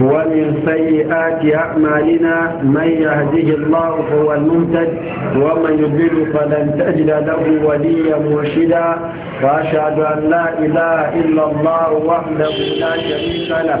ومن سيئات أعمالنا من يهده الله فهو المهتد ومن يضل فلن تجد له وليا مرشدا وأشهد أن لا إله إلا الله وحده لا شريك له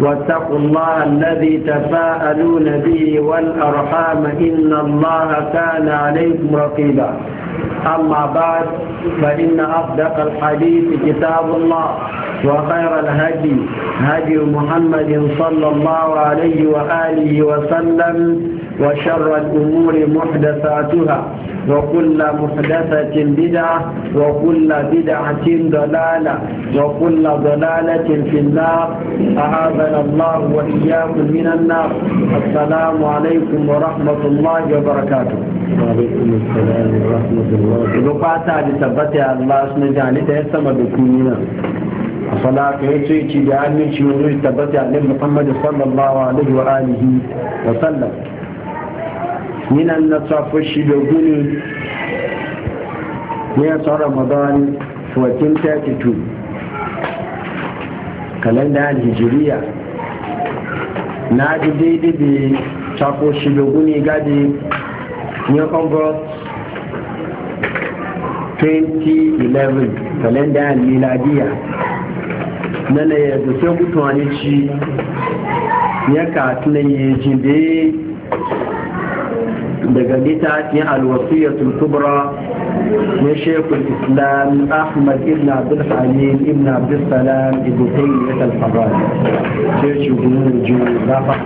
واتقوا الله الذي تفاءلون به والأرحام إن الله كان عليكم رقيبا أما بعد فإن أصدق الحديث كتاب الله وخير الهدي هدي محمد صلى الله عليه وآله وسلم وشر الأمور محدثاتها وكل محدثة بدعة وكل بدعة ضلالة وكل ضلالة في النار أعاذنا الله وإياكم من النار السلام عليكم ورحمة الله وبركاته وعليكم السلام ورحمة الله بقاتا لتبتع الله تهتم صلى الله عليه وآله وسلم minan na safo shi da guni ne a ramadan 1432 kalanda hijiriya na ji daidai da safo shi da guni gadi ne august 2011 kalanda miladiya na na yadda sai mutuwa ne ci ya ka jin jinde daga littafin alwasiyatul kubra na shekul islam ahmad ibn abdul salim ibn abdul salam ibn tayyib al-fadal sai shugaban jihar gafa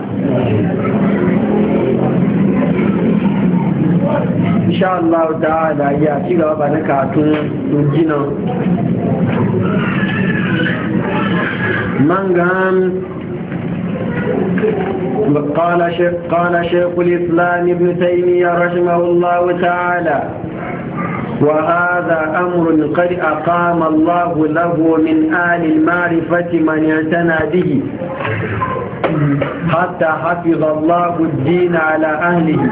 insha Allah ta'ala ya ci gaba na katun gina mangan قال شيخ قال شيخ الإسلام ابن تيمية رحمه الله تعالى وهذا أمر قد أقام الله له من آل المعرفة من اعتنى به حتى حفظ الله الدين على أهله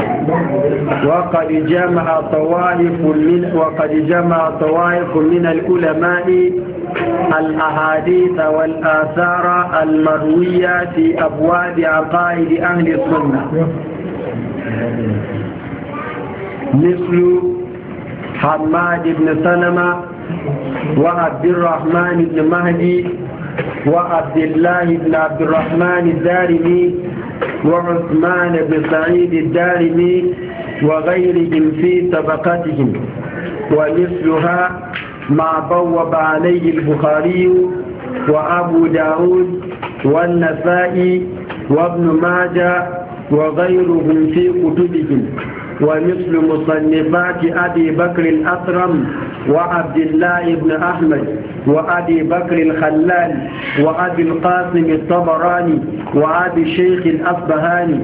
وقد جمع طوائف من وقد جمع طوائف من العلماء الأحاديث والآثار المروية في أبواب عقائد أهل السنة مثل حماد بن سلمة وعبد الرحمن بن مهدي وعبد الله بن عبد الرحمن الدارمي وعثمان بن سعيد الدارمي وغيرهم في طبقتهم ومثلها ما بوب عليه البخاري وأبو داود والنسائي وابن ماجه وغيرهم في كتبهم ومثل مصنفات أبي بكر الأطرم وعبد الله بن أحمد وأبي بكر الخلال وأبي القاسم الطبراني وأبي الشيخ الأصبهاني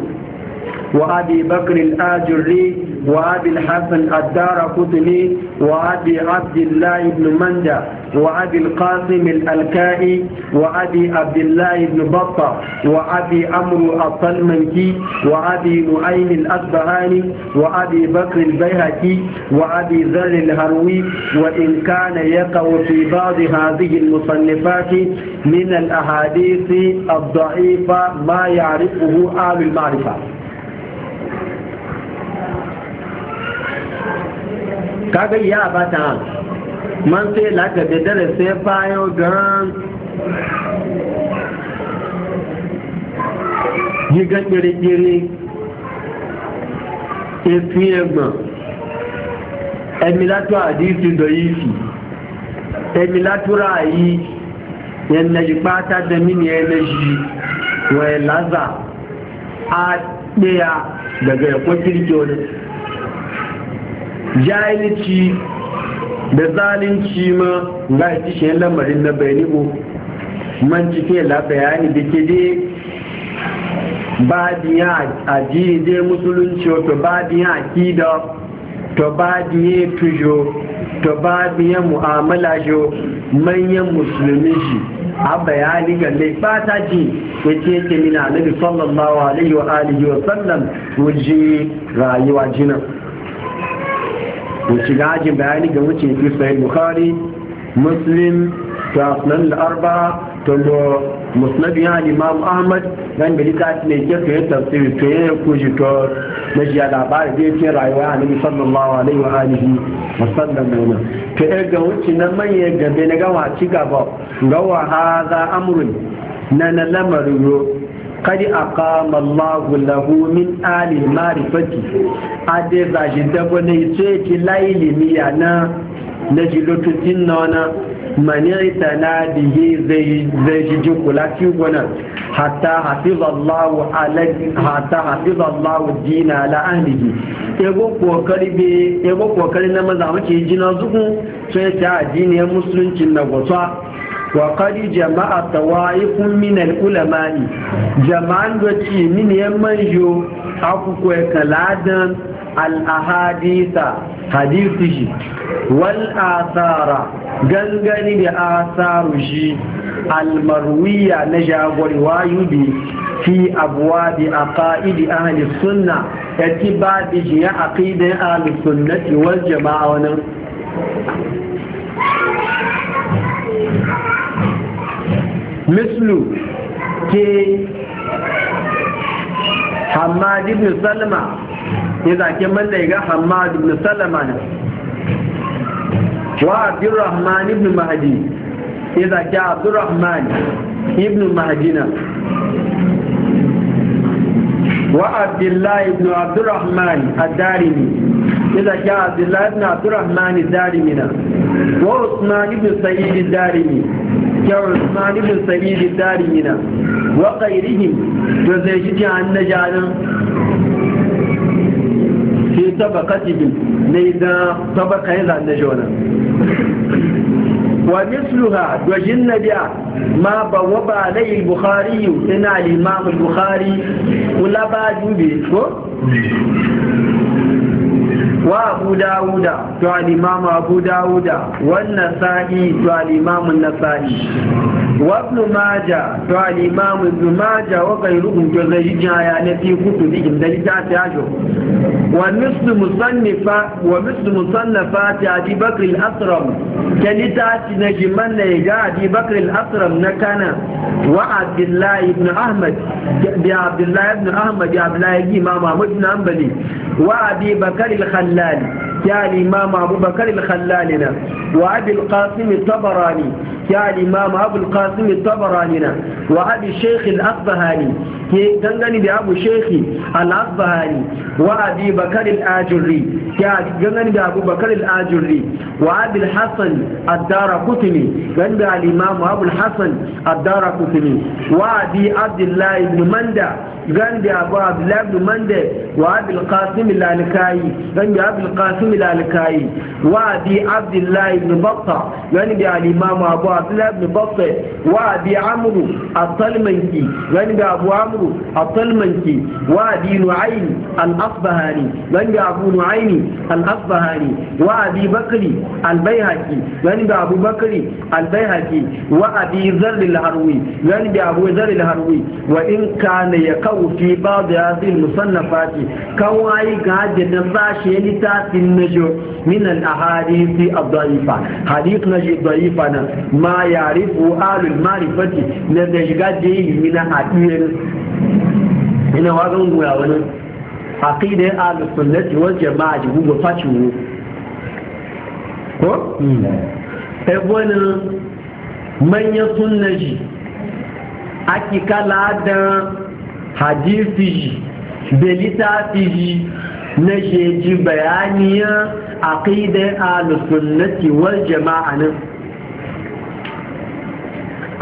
وأبي بكر الآجري وأبي الحسن الدار قطني وأبي عبد الله بن منجا وأبي القاسم الألكائي وأبي عبد الله بن بطة وأبي امرو الطلمنكي وأبي نعيم الأصبهاني وأبي بكر البيهكي وأبي ذر الهروي وإن كان يقع في بعض هذه المصنفات من الأحاديث الضعيفة ما يعرفه أهل المعرفة kaga ya ba ta man sai laka da dare sai bayo gan giga kirikiri efin ẹgbọn emilato àdísì dọ̀yìsì emilatura ayi ẹnẹjì pátá dẹmínì ẹnẹjì wẹ̀ lázà á pé a gbẹ̀gbẹ̀ ẹ̀kọ́ kirikiri jahilci da zalunci ma za a ci shi lamarin na bayani ko man cike la bayani da ke dai badiya addini dai musulunci to badiya kida to badiya tujo to badiya mu'amala jo manyan musulmi shi a bayani ga lai fata ji ya ce ke mina nabi sallallahu alaihi wa alihi wa sallam wuji rayuwa jinan mu shiga ajin bayani ga wuce fi sahih bukhari muslim ta sunan al-arba to musnad ya imam ahmad dan bi ta ne ke to tafsiri to ya ku ji to na ji labari da yake rayuwa annabi sallallahu alaihi wa alihi wa sallam ne to e ga wuce nan ya na gawa ci gaba gawa hadha amrun na na lamarin kadi aqama Allahu lahu min ali marifati ade za shi dabo ne ce ki laili mi yana na ji lotutin nona mani tana bihi zai ji kula fi gona hatta hafiza Allahu alaihi hatta hafiza Allahu dina ala ahlihi ego kokari be ego kokari na maza muke jina zuku sai ta addini musulunci na gwasa وقد جمع طوائف من العلماء جمعان وتي من يمنجو أفكو كلادا الأحاديث حديثه والآثار غنغن جي المروية نجاب روايه في أبواب أقائد أهل السنة اتباع بجي عقيدة أهل السنة والجماعة mislu ke hamad ibn salma ya zake malla ga hamad ibn salma ne wa abdurrahman ibn mahdi ya zake abdurrahman ibn mahdina وعبد الله بن عبد الرحمن إذا جاء عبد الله بن عبد الرحمن الدارمي وعثمان بن الدارمي عثمان بن سعيد الدارينا وغيرهم وزيجت عن نجانا في طبقتهم نيدا طبقة عن نجونا ومثلها وجن بها ما بوب عليه البخاري إن الإمام البخاري ولا بعد يبيتكم wa abu dawuda to al abu dawuda wan nasa'i to al-imamu nasa'i wa ibn maja to al-imamu ibn maja wa ghayruhu to zayyija ya ne fi kutu ta tajo wa wa mislu musannafa ta abi bakr al-asram kani ta na jiman na ya ga abi bakr na kana wa abdullahi ibn ahmad bi abdullahi ibn ahmad ya abdullahi imamu ahmad ibn wa abi bakr al الخلال يا الإمام أبو بكر الخلالنا وأبي القاسم الطبراني يا الإمام أبو القاسم الطبرانينا وأبي الشيخ الأصبهاني دنغني بأبو الشيخ الأصبهاني وأبي بكر الآجري يا دنغني بأبو بكر الآجري وأبي الحسن الدار قتني عند الإمام أبو الحسن الدار قتني وأبي عبد الله بن مندى عند أبو عبد الله بن مندى وأبي القاسم الألكاي عند أبي القاسم الألكائي وأبي عبد الله بن بطة يعني الإمام أبو عبد الله بن بطة وأبي عمرو الطلمنكي يعني أبو عمرو الطلمنكي وأبي نعيم الأصبهاني يعني أبو نعيم الأصبهاني وأبي بكري البيهقي يعني أبو بكري البيهقي وأبي ذر الهروي يعني أبو ذر الهروي وإن كان يقو في بعض هذه المصنفات كواي قاعد نباشي لتاتي نجو من الأحاديث الضعيفة حديث نجي ضعيفة ما يعرف آل المعرفة نجي قد من أدير ina wa zan goya wani aqidar ahlus sunnati wal ko eh wani manyan sunnaji akikala da hadisi ji da littafi ji na sheji bayaniyar al-sunnati wal jama'a nan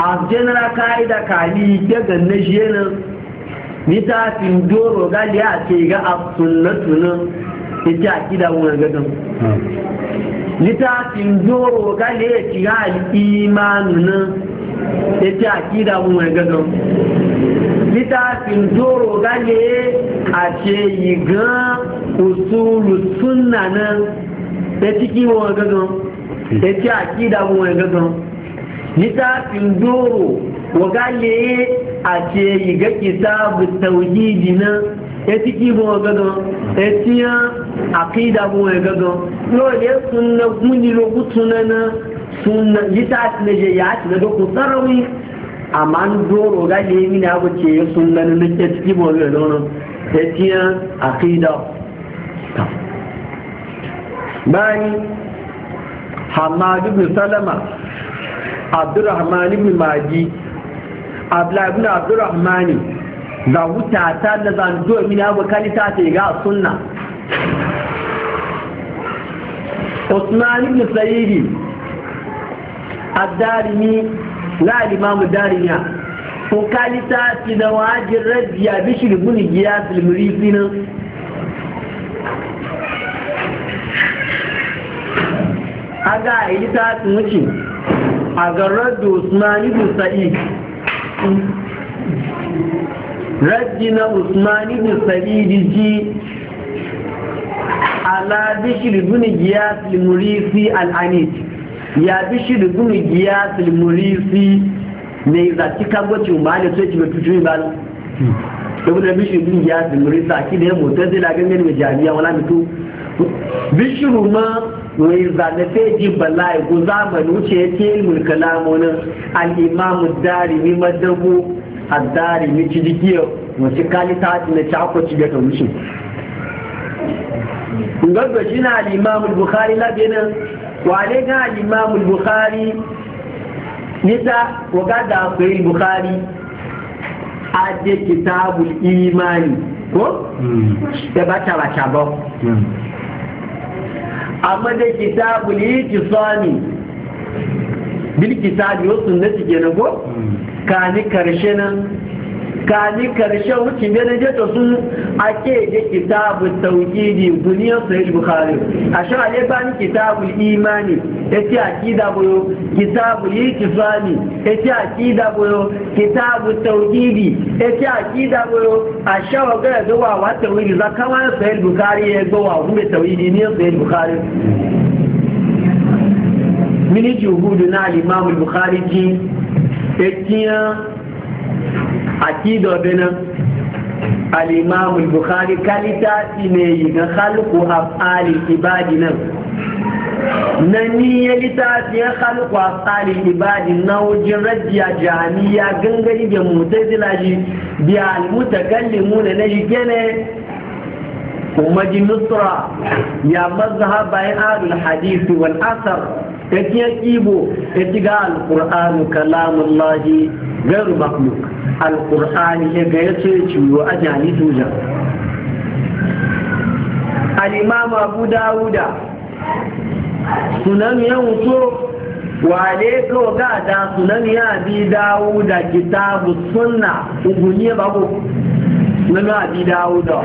a general ka'ida kali daga na ta littafin doro gali a ce ga asunnatu nan ita aƙida Ni gadon littafin doro gali ya ci ga al'imanu nan ita aƙida wani gadon littafin doro gane a ce yi gan usulu sunna nan da ciki wa gagan da ci akida wa gagan littafin doro wa gane a ce yi ga kitabu tauhidi nan ya ciki wa gagan ya ciya akida wa gagan yau ne sunna kuni lokutu na na sunna littafin da ya ci na dokun sarrawi amma doro ga da mini na bace ya sun ganin na ke ciki bo ga dono ta tiya aqida bayan hamadu bin salama abdurrahman bin maji abla ibn abdurrahman da wuta ta da zan do mi na ba kalita ta ga sunna Usman ibn Sayyidi الدارمي na alimamu dariya ko kalita fi na wajin rajiya bishir guni giya filmiri finan a ga a yi ta wuce a garar da usman ibn sa'id raji na usman ibn sa'id ji ala bishir guni giya filmiri fi al'anid ya bi shi da gunu giya silmurisi ne za ki kan gwacin ba ne sai ki bai tutu ba ne da bi shi da bishiru gunu giya silmurisi a kida ya motar zai lagar gani mai jami'a wala mutu shi ruma wai zane sai ji bala'i ko zamani wuce ya ke ilmul kalamonin al'imamu dari darimi madabu a dari darimi cidikiyar wasu kalita na cakwaci ga kamushin. Gaggashi na al'imamu Bukhari labinan wane ga al bukhari nita wa ga da akwai bukhari a je kitabu imani ko hmm. da bata bata ba hmm. amma da kitabul itisani bil kitabi wa sunnati kenan ko hmm. ni karshe nan kani karshe wuce ne na jeto su ake je kitabu tauhidi duniyar sahih bukhari a shi ale kitabu imani yace akida boyo kitabu litifani yace akida boyo kitabu tauhidi yace akida boyo a shawa ga da wa wa tauhidi zakawa sahih bukhari ya go wa kuma tauhidi ne sahih bukhari mini juhudu na al-imam al-bukhari ki akida bena al-imam al-bukhari kalita ne ga khalqu afali ibadi nan nan ni ya litafi ya khalqu afali ibadi na wajin rajiya jami'a gangari da mutazila bi al-mutakallimuna na shi kene kuma ji nusra ya mazhabai al-hadith wal asar ya ibo ya ci ga alƙur'anu kalamun lahi gairu alƙur'ani ya ga ya ce ciwo a jani tuja al'imam abu dawuda sunan ya wuto wale ko ga da sunan ya bi dawuda kitabu sunna ubuniye babu na abi dawuda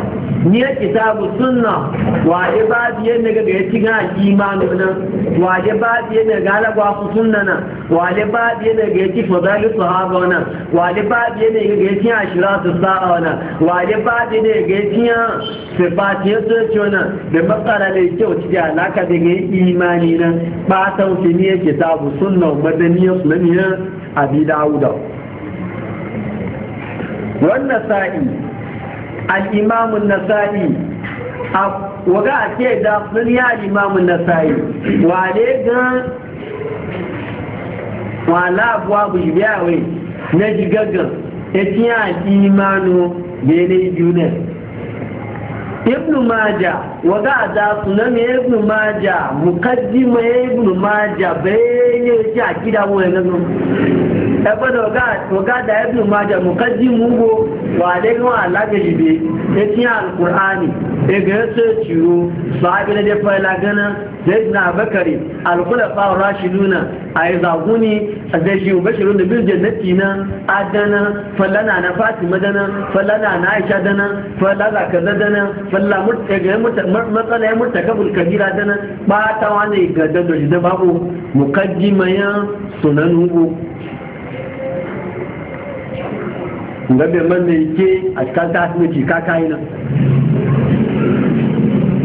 ni ya kitabu sunna wa ya ba biye ne ga ya ci ga imanu nan wa ya ba biye ne ga la gwa su sunna nan wa ya ba biye ne ga ya ci fadalu sahaba nan wa ya ba biye ne ga ya ci ashiratu sa'a nan wa ya ba biye ne ga ya ci sifatiyar sojo da matsala da kyau ci da alaka da ga imani nan ba ta wuce ni ya kitabu sunna madaniyar sunaniyar abi dawuda wannan sa'i al’imam nasa’i wa ga a ce da sun yi al’imam nasa’i wa ne gan wa labuwa bu yi biya wai na jigaggan e ya ciye al’imanu da yanayi yunus ibnu maja waga da sunan ibnu maja mukaddima ibnu maja bayan yake a gida mu ne nan ẹgbẹ́ da waga da ibnu maja mukaddimu go wa dai wa daga ya ce ciwo sahabi na jefa ya gana zai na bakari alkula fara rashi nuna a yi zaguni a zai shi bashirun da bil jannati na adana fallana na fatima dana fallana na aisha dana fallana kaza dana falla matsala ya murta kabul kabira dana ba ta wani ga daddoji da babu mukaddimayan sunan hugu ngabe man ne ke a cikin tasiri kakayi nan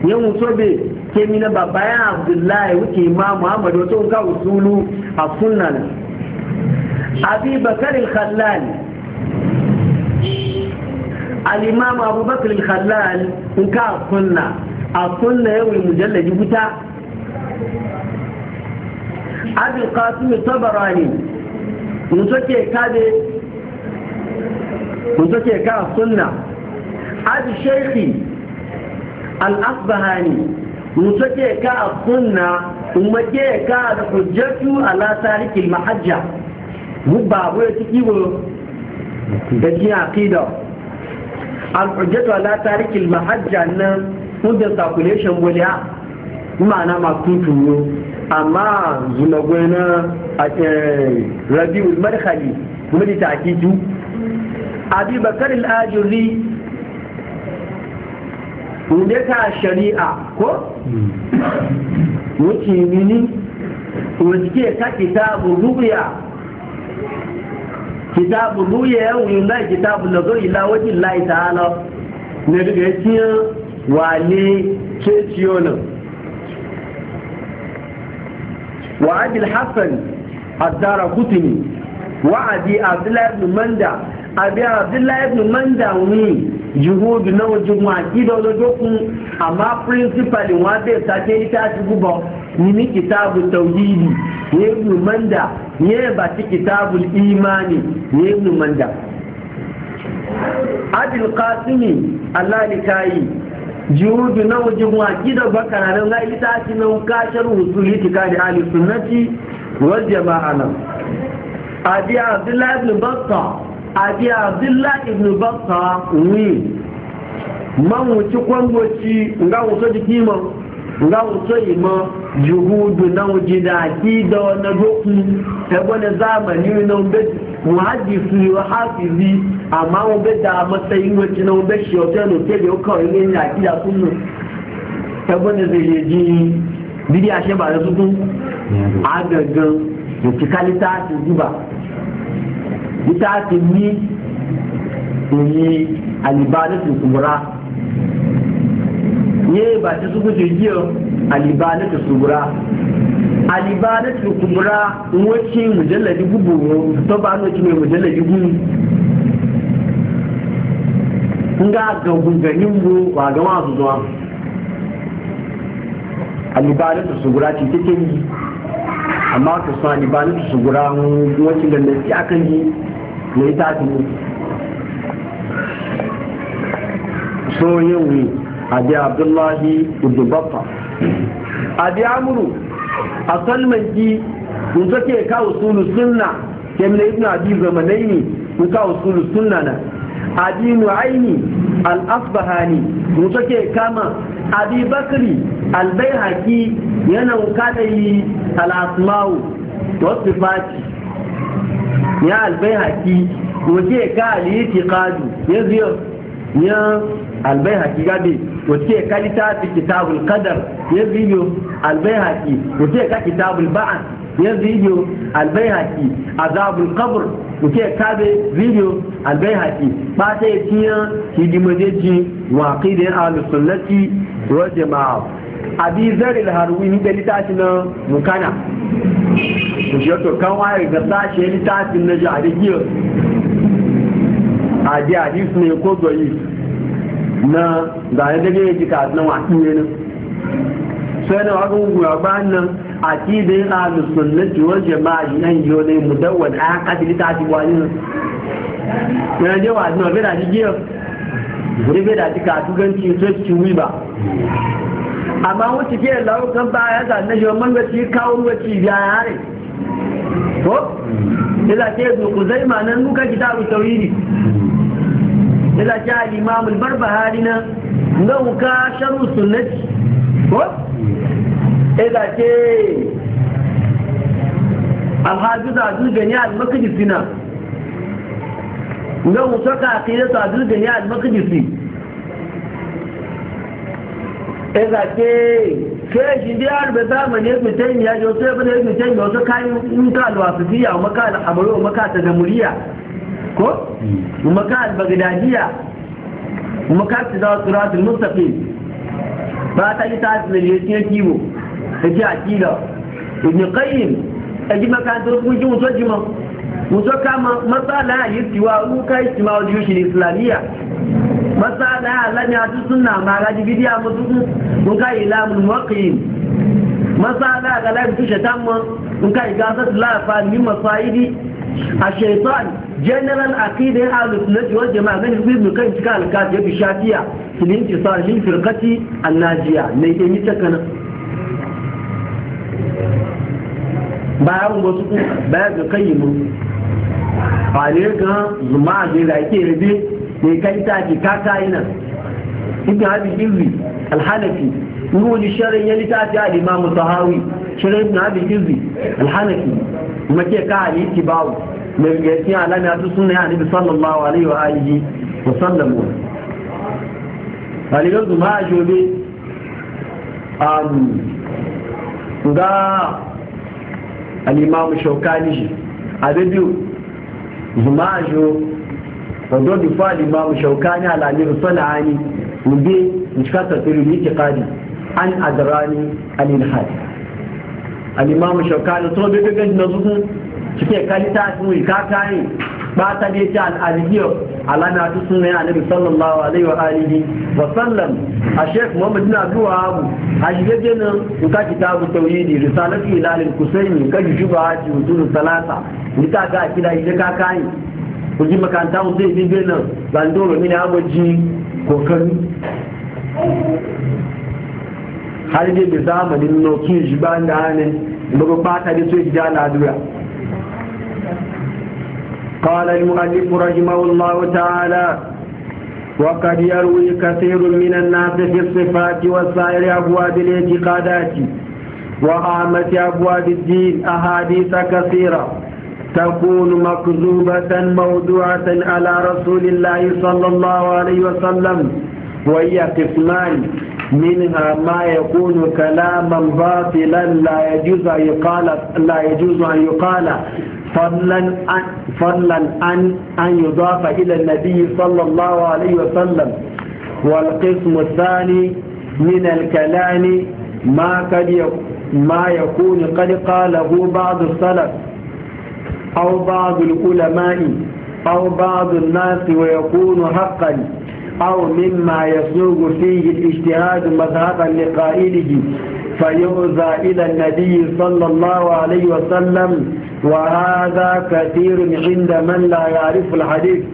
Yan wuto be ke mina ba bayan abdullahi wuke ma muhammad wato ga usulu a sunan abi bakar al-khallal al-imam abubakar al-khallal in ka sunna a sunna yawai mujalladi wuta abi qasim tabarani mun soke ka de ke soke ka sunna abi shaykhi al-asbahani mutake ka a sunna umake ka da hujjatu ala tarikil mahajja ba ko ya tiki wo da ji aqida al-hujjatu ala tarikil mahajja nan mudda calculation boliya ma'ana ma tutu amma zuna gwena a eh, rabiul madkhali mudi takiju abi bakar al-ajuri inda ta shari'a ko wuce mini wuce ta kitabu rubiya kitabu rubiya ya wuyin lai kitabu na zo ila wajen lai ta ala na daga cikin ciye wale ce ciyo nan wa abil hassan addara kutini wa abi abdullahi ibn manda abi abdullahi ibn manda wuni juhudu na wajen waki da wani dokun amma principalin wanda ya sake ta shi guba nimi kitabu tauhidi ne yi manda ne ba ci kitabu imani ne yi manda adil kasimi allah ne kayi juhudu na wajen waki da bakararin na ita shi na kashar husuli tika da alisunati wajen jama'a nan adi abdullahi ibn battah abi abdullah ibn batta wi man wuci kwangoci nga wuso jiki ma nga na wuji da ki da wani doku na wube muhaddisu wa hafizi ama wube da na wube shi wata yana ke da yau kawai yin yaki da sunu ta wani zai ji bidi ashe ba da su kun kalita zuba ita ti ni ìyìn àlìbánẹ́tì kùbúrá ye ba tí suku ti yí ọ àlìbánẹ́tì kùbúrá àlìbánẹ́tì kùbúrá wọ́n ti mùjẹ́lẹ̀ ní gbogbo wọn tó bá ní ti nga ga ganin mu wa ga masu zuwa alibalatu sugura ce take yi amma ta sa alibalatu sugura wacin da na akan yi mai tafi ne. so yin wi abi abdullahi ibn baffa abi amuru a salman ki in take ka usulu sunna kemna ibn abi zamanaini in ka usulu sunna na abi nu'aini al-asbahani in take kama abi bakri al-baihaqi yana kada yi al-asma'u wasu sifati ya albai haki wace ka aliti kadu ya ziyo ya albai haki gabi wace ka littafi kitabul kadar ya ziyo albai haki wace ka kitabul ba'an ya ziyo albai haki azabul kabur wace ka be ziyo albai haki ba ta yi tiyan hidimajeji waƙi da ya alusunnati wajen ma'a abi zaril harwi ni da litafi na mukana ku shi to kan waye ga sashe litafi na jari giyo a di hadis ne ko goyi na da ya dage yake ka na wasu ne sai na wago gura ban nan akidin ahlus na wal jama'a shi nan yo ne mudawwad a kadi litafi wani ne je wa no be da giyo ne be da ka tuganci sai ci ba. amma wuce ke ba baya ga na shoman gaci kawo gaci ga yare ko ila ke ku zai ma nan nuka kita abu tawiri ila ke alimamul barbahari na na wuka sharu sunnati ko ila ke alhaji da dujani al-makadisi na ga wuta ka akidatu al gani al-makadisi ezake sai shi da yaro bai zama ne su taimi ya jo sai bane su taimi wasu kayan mutu ta jamhuriya ko hmm. maka al-bagdadiya maka ta da suratul mustaqim ba ta ta ne ne ce kibo take akida ibn qayyim aji e maka to ku ji yi tiwa da yushin masu ala ya lani hatu suna ma ga ji bidiya musu kun ka yi lamun mawakin masu ala ga lai mutu shaitan ma kun ka yi gasa su lafa ni masu aidi a shaitan general akidai alus na jiwa jama'a gani su bin kan cika alkaci ya fi shafiya filin cisa shi firkati a najiya na yi kemi ta kanan bayan wasu kuma bayan ga kan yi mu a ne ga zuma a jera ke rabe da kai ta ji ka kai nan ibn abi izzi al-hanafi nuri sharin ya litafi al imam tahawi sharin ibn abi izzi al-hanafi kuma ke ka ali tibawu mai yasi alama ya sunna ya annabi sallallahu alaihi wa alihi wa sallam aligan zuma jobe um ga al imam shaukani shi abedu zuma a jobe wanda bi fa limamu mu alamiru mu wube mishkata turu litikadi an adrani alil ilhad alimam shauka ni to bi ga na zuku cike ta su ka kai ba ta ne ta al-aliyo alama ta sunna ya nabi sallallahu alaihi wa alihi wa sallam a sheikh muhammad bin zuwa abu a shige in ka kitabu tauhidi risalatu ila kusaini ka juba ji usul salasa ni ta ga kila ije ka kai ku ji makaranta mu zai bi nan zandoro mini amaji kokari har dai da zamanin nokin shi ba da hannun daga fata da sai gida na dura قال المؤلف رحمه الله تعالى وقد يروي كثير من الناس في الصفات وسائر أبواب الاعتقادات وعامة أبواب الدين أحاديث كثيرة تكون مكذوبة موضوعة على رسول الله صلى الله عليه وسلم وهي قسمان منها ما يكون كلاما باطلا لا يجوز أن يقال لا يجوز أن يقال فضلا عن فضلا عن أن يضاف إلى النبي صلى الله عليه وسلم والقسم الثاني من الكلام ما قد ما يكون قد قاله بعض السلف أو بعض العلماء أو بعض الناس ويكون حقا أو مما يسوق فيه الاجتهاد مذهبا لقائله فيؤذى إلى النبي صلى الله عليه وسلم وهذا كثير عند من لا يعرف الحديث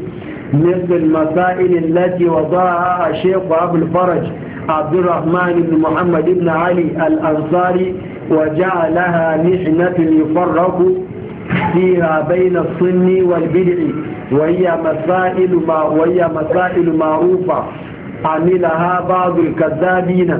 مثل المسائل التي وضعها الشيخ أبو الفرج عبد الرحمن بن محمد بن علي الأنصاري وجعلها محنة يفرق فيها بين الصني والبدع وهي مسائل ما وهي مسائل معروفة عملها بعض الكذابين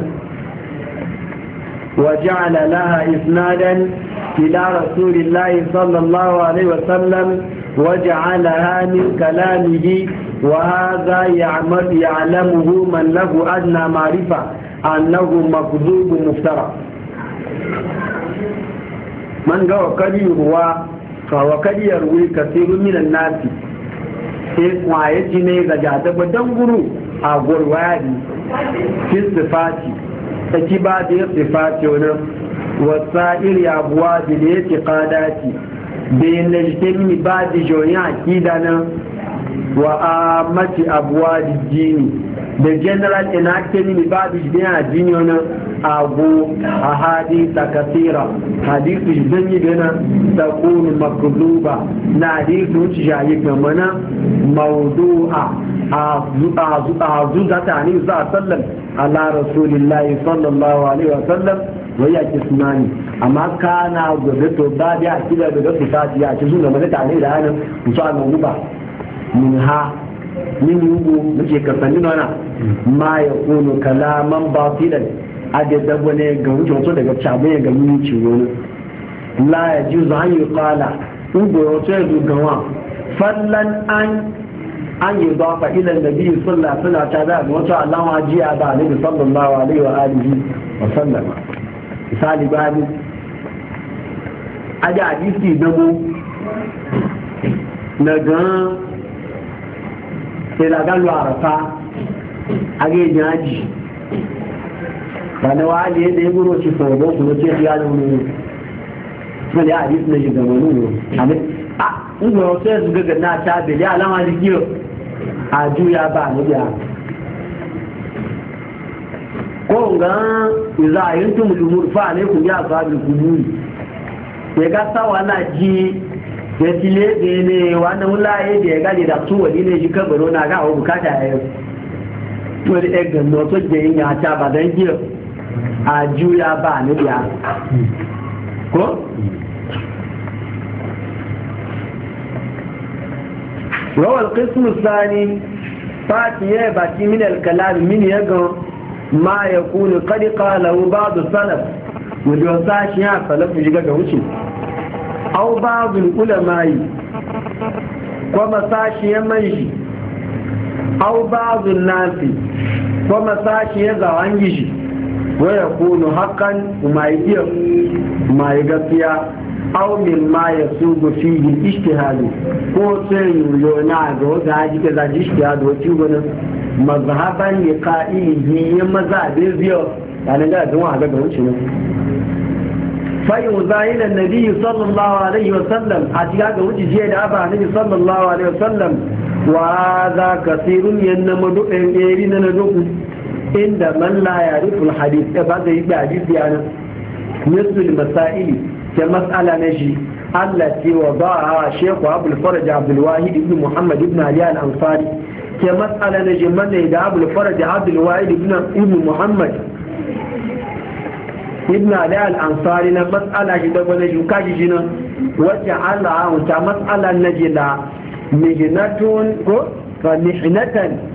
وجعل لها إسنادا إلى رسول الله صلى الله عليه وسلم وجعلها من كلامه وهذا يعمل يعلمه من له أدنى معرفة أنه مكذوب مفترى من قال كذب هو wa kariyar wuri ka sai ruminan nasi sai kwaye ci ne ga ba don guru a gurwari fi sifati ta ki ba da ya sifati wani wasa iri abuwa da da ya ce ci da yin na jike mini ba da joyin akida nan wa a mace abuwa da jini da general ina ke mini ba da jini a jini wani abu a hadisa kasira hadisu zan yi gana da kone makuluba na hadisu wuce jayi gama na maudu'a a zuzata ne za a sallam ala rasulillahi sallallahu alaihi wasallam wai ya ki sunani amma kana gobe to ba da akida da su ta ya ci zuwa mana tare da hannun musu a nan ba mun ha min yugo muke kasanni nona ma ya kunu kalaman batilan ade dabo ne ga wuce daga cabe ya gani ne la ya za yi kala ya dugawa fallan an an yi ba fa da biyu sulla suna ta da wata alama jiya da alaihi sallallahu alaihi wa alihi wa sallama misali bani aje hadisi dabo na gan sai da galo arafa a ga bana wa ne da ya guro ci fobo kuma ce ya da wani kuma da hadis na shi gaba nuno a in ga wasu yanzu ga na ta bele alama da kiyo a juya ba ni da ko ga za yin tumul umur fa ne ku ya ba bi kuburi ya ga sawa na ji ya tile da ne wannan wulaye da ya gade da su wani ne shi kabaro na ga bukata ya yau to ɗan gannu to da ya ta ba dan kiyo a juya ba ni niyya ko? rawar kismu sani fatiye baki min alkalami min ya ga ma ya kuni kadi kalawu ba da salaf wajen sashi ya salaf ji ga wuce au ba da kula mayi kuma sashi ya mai shi au ba da nasi kuma sashi ya zawan gishi ya kunu hakan mai iya mai gaskiya aw min ma yasubu fihi ijtihadu ko sai yo na ga wata haji ka zaji ijtihadu wati gona mazhaban li qa'ihi ya mazhabe biyo dan da zuwa wa ga wuce ne fa yuzahil annabi sallallahu alaihi wasallam a tiga ga wuce je da aba annabi sallallahu alaihi wasallam wa hadha kathirun yanna madu en eri na na duku? inda man la yarifu alhadith da ba zai da hadisi yana misal masaili ke mas'ala na shi allati wada'a shaykh abul faraj abdul wahid ibn muhammad ibn ali al-ansari ke mas'ala na shi man da abul faraj abdul wahid ibn ibn muhammad ibn ali al-ansari na mas'ala shi da wani shi kaji shi nan wacce Allah ta mas'ala na shi da mihnatun ko fa mihnatan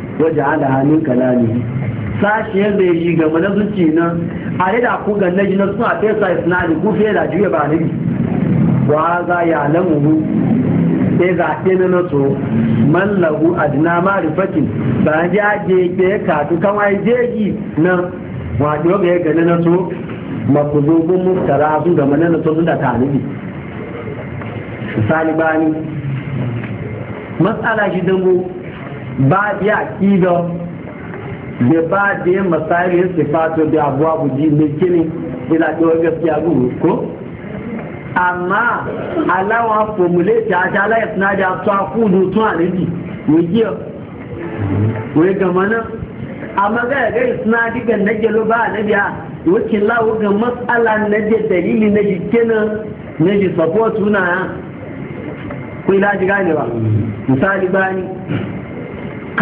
waje ala hannun kalami sashi yadda ya yi game na zuci nan a yi da ku ganna ji na suna fesa suna ku fiye da juya ba nabi wa za ya alamu mu sai e zaɓe na naso man lagu adina ma rufakin ba ya je ke katu kama ya jeji nan wato ga ya gani naso makuzogun muftara su game na naso sun da talibi misali bani matsala shi dango ba ya kido da ba da ya masari ya sifato da abuwa guji mai kini ila ɗora gaskiya guru ko amma alawa formulate ta ta la yasna da a kudu tun alibi wujiyo wai gama nan amma ga ga yasna diga na gelo ba alabiya wacce lawo ga matsala na je dalili na jikina na ji support suna ya ko ila ji gane ba mm. misali bani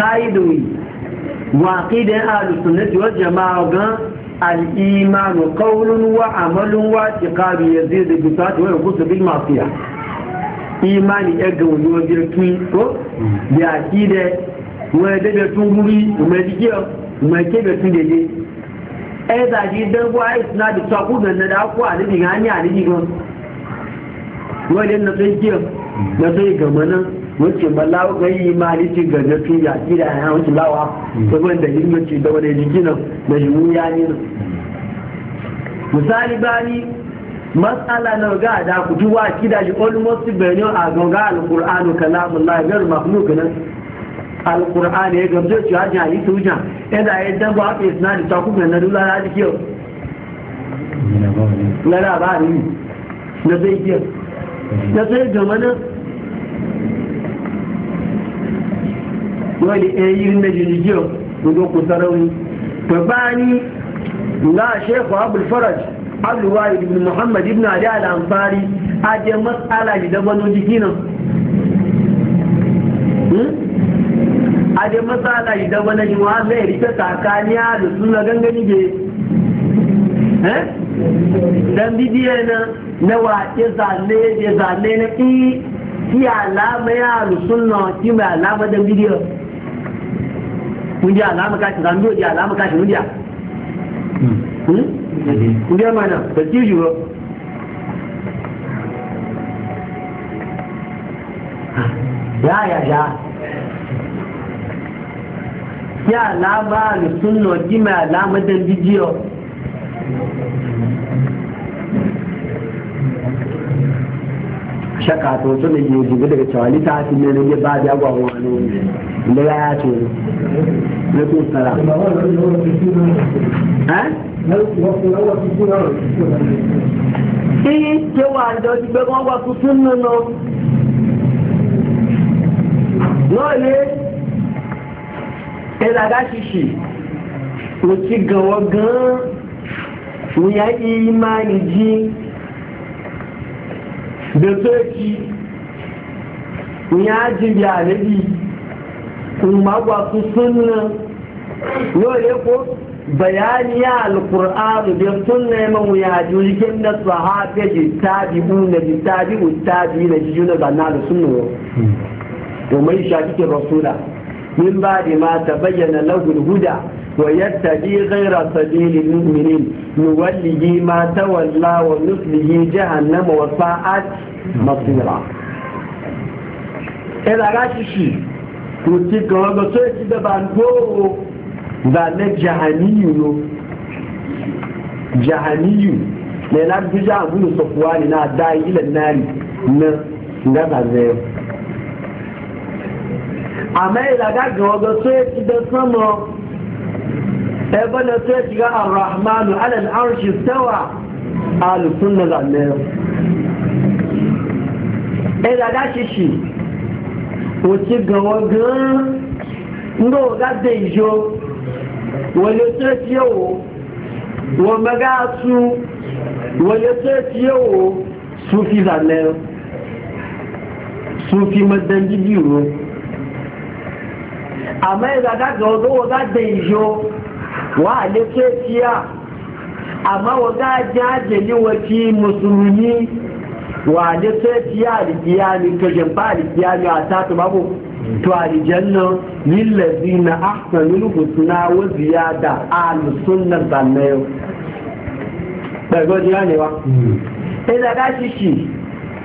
wa kaidoyi waƙidan sunnati wa jama'a ga al al'imanu qawlun wa amalun wa tiƙari ya bi da wa ta wani kusa bil mafiya imani e ga wani wajen tun ko da aki da wani daga tun guri mai jikiya mai kebe tun da ne ɗaya zaji don kuwa ya suna da tsaku da na dakuwa a nufin ni a nufin wa wani na sai kiyan na sai ga nan wuce ma lawo ga ma ni ci gaje tu ya kira ya wuce lawa to hmm. ban da yin ci da wani jiki nan da yiwu ya ni misali bani matsala na ga da ku ji wa kida ji almost bayani a gonga alqur'anu kalamullah gar mahmud nan alqur'ani ya gamje ci haji ali tuja idan ya dan ba ke sna da taku ga na dula na jiki na labari na zai ke na sai gama nan dole ɗaya eh yirin ni jirgin gudu ku sarauni ta bani na shekhu abul faraj abdullahi ibn muhammad ibn ali al-ansari a je matsala ji da banu jiki nan hmm? a je matsala ji da banu jiki wa zai rike tsakaniya da suna gangani da eh? dan bidiyo na na waƙe zane da zane na ƙi ki alama ya rusunna ki mai alama dan bidiyo kungiya alama kashi zan doji alama kashi hmm? kungiya kungiya mana da kiji ba ya ya ya ya alama sunno gima alama dan bidiyo shaka to to ne yi jibi daga cewali ta fi ne ya ba da agwa wa ne da ya ce ne to sara eh ke wa ndo ti be wa sun no no no le e da ga shishi o gan ni ya imani ji da soki ya ji yanayi sun ba su sunna yau ko bayani ya alkur'anu da sunna ya mamu ya jirgin na sahafe da tabi na da tabi'u tabi'i na jiyu na zana da sunna yau domin shafi rasula min ba da ma ta bayyana lagun huda ويتدي غير سبيل المؤمنين نوله ما تولى ونصله جهنم وصاعد مصيرا إذا غاششي وتيك وما تويتي دبان بورو ذلك جهنمي جهنمي لأن أبو جهنم صفواني نا داي إلى النار na zaze amma ilaga ga wago so ya ci don samun a na sai shiga ar-rahmanu alal arshi tawa alu sunna eh, da ne e da da shi shi o ti gawo gan ndo ga de ijo wale sai ti yo maga su wale sai ti yo sufi da ne sufi madan bidiyo amma da da gawo ga de ijo wa ne ke tiya amma wa ga jajeli wati musulmi wa ne ke tiya da kiyami to jamba da kiyami a ta to babu to aljanna na ahsanul husna wa ziyada al-sunnah sannan daga jiyanewa hmm. ina ga shi shi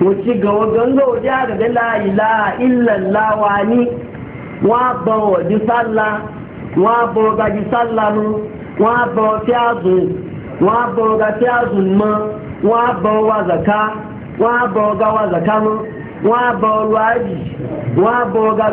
wòtí gàwọ́gàngà òjá àgàgà láàyè láà ilẹ̀ láwa ní wọ́n á bọ̀ wọ́n á bọ̀ gbajú sálanu wọ́n bọ̀ tí a wọ́n bọ̀ ga tí a zùn mọ́ wọ́n bọ̀ ga wọ́n bọ̀ ga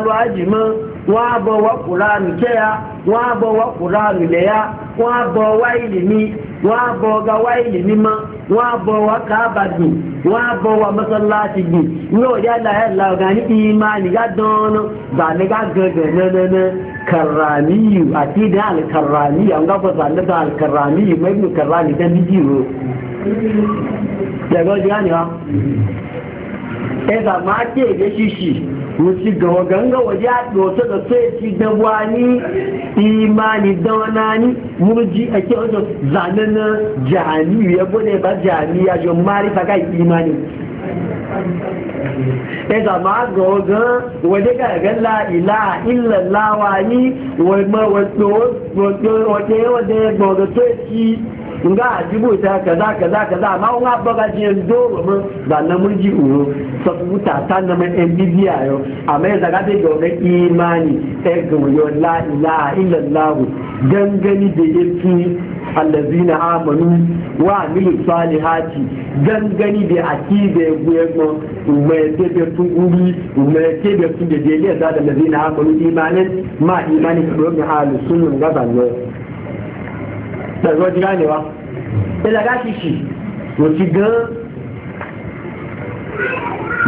wọ́n á bọ̀ wọ́ kùránù jẹ́yà wọ́n á bọ̀ wọ́ kùránù lẹ́yà wọ́n á bọ̀ wá ìlìmí wọ́n á bọ̀ ọ̀gá wá ìlìmí mọ́ wọ́n á bọ̀ wá káàbà gbìn wọ́n á bọ̀ wá mọ́sálásì gbìn ní òjá láyé làwọn ní ìmá nìgá dánná bàmígá gẹ̀gẹ̀ nẹ́nẹ́nẹ́ karramiyu àti ẹ̀dà máa ké èdè ṣíṣì mo ti gànwọ́ gànga wọ̀dí àti ọ̀sọ́dọ̀ tó èsì dánwà ní ìmáàlì dánwà náà ní múrùjí ẹ̀kẹ́ ọjọ́ zànánà jàní ìwé mari bá jàní àjọ márì fàkà ma ẹ̀dà máa gànwọ́ gan wọ̀dí gàgán la ìlà ilẹ̀ láwa ní wọ̀dẹ̀ wọ̀dẹ̀ gbọ̀ngàn tó èsì nga ajibu ta kaza kaza kaza amma un abba ga jin doro mun da na murji uro so buta ta na mai bibiya yo amma ya zaga da gobe imani sai ga yo la ilaha illallah gangani da yake allazina amanu wa amilu salihati gangani da akide guyego mai tebe tun guri mai tebe tun da dele da allazina amanu imanin ma imanin da halu sunnun gaban ne daga wajen ganewa da daga shi shi wace gan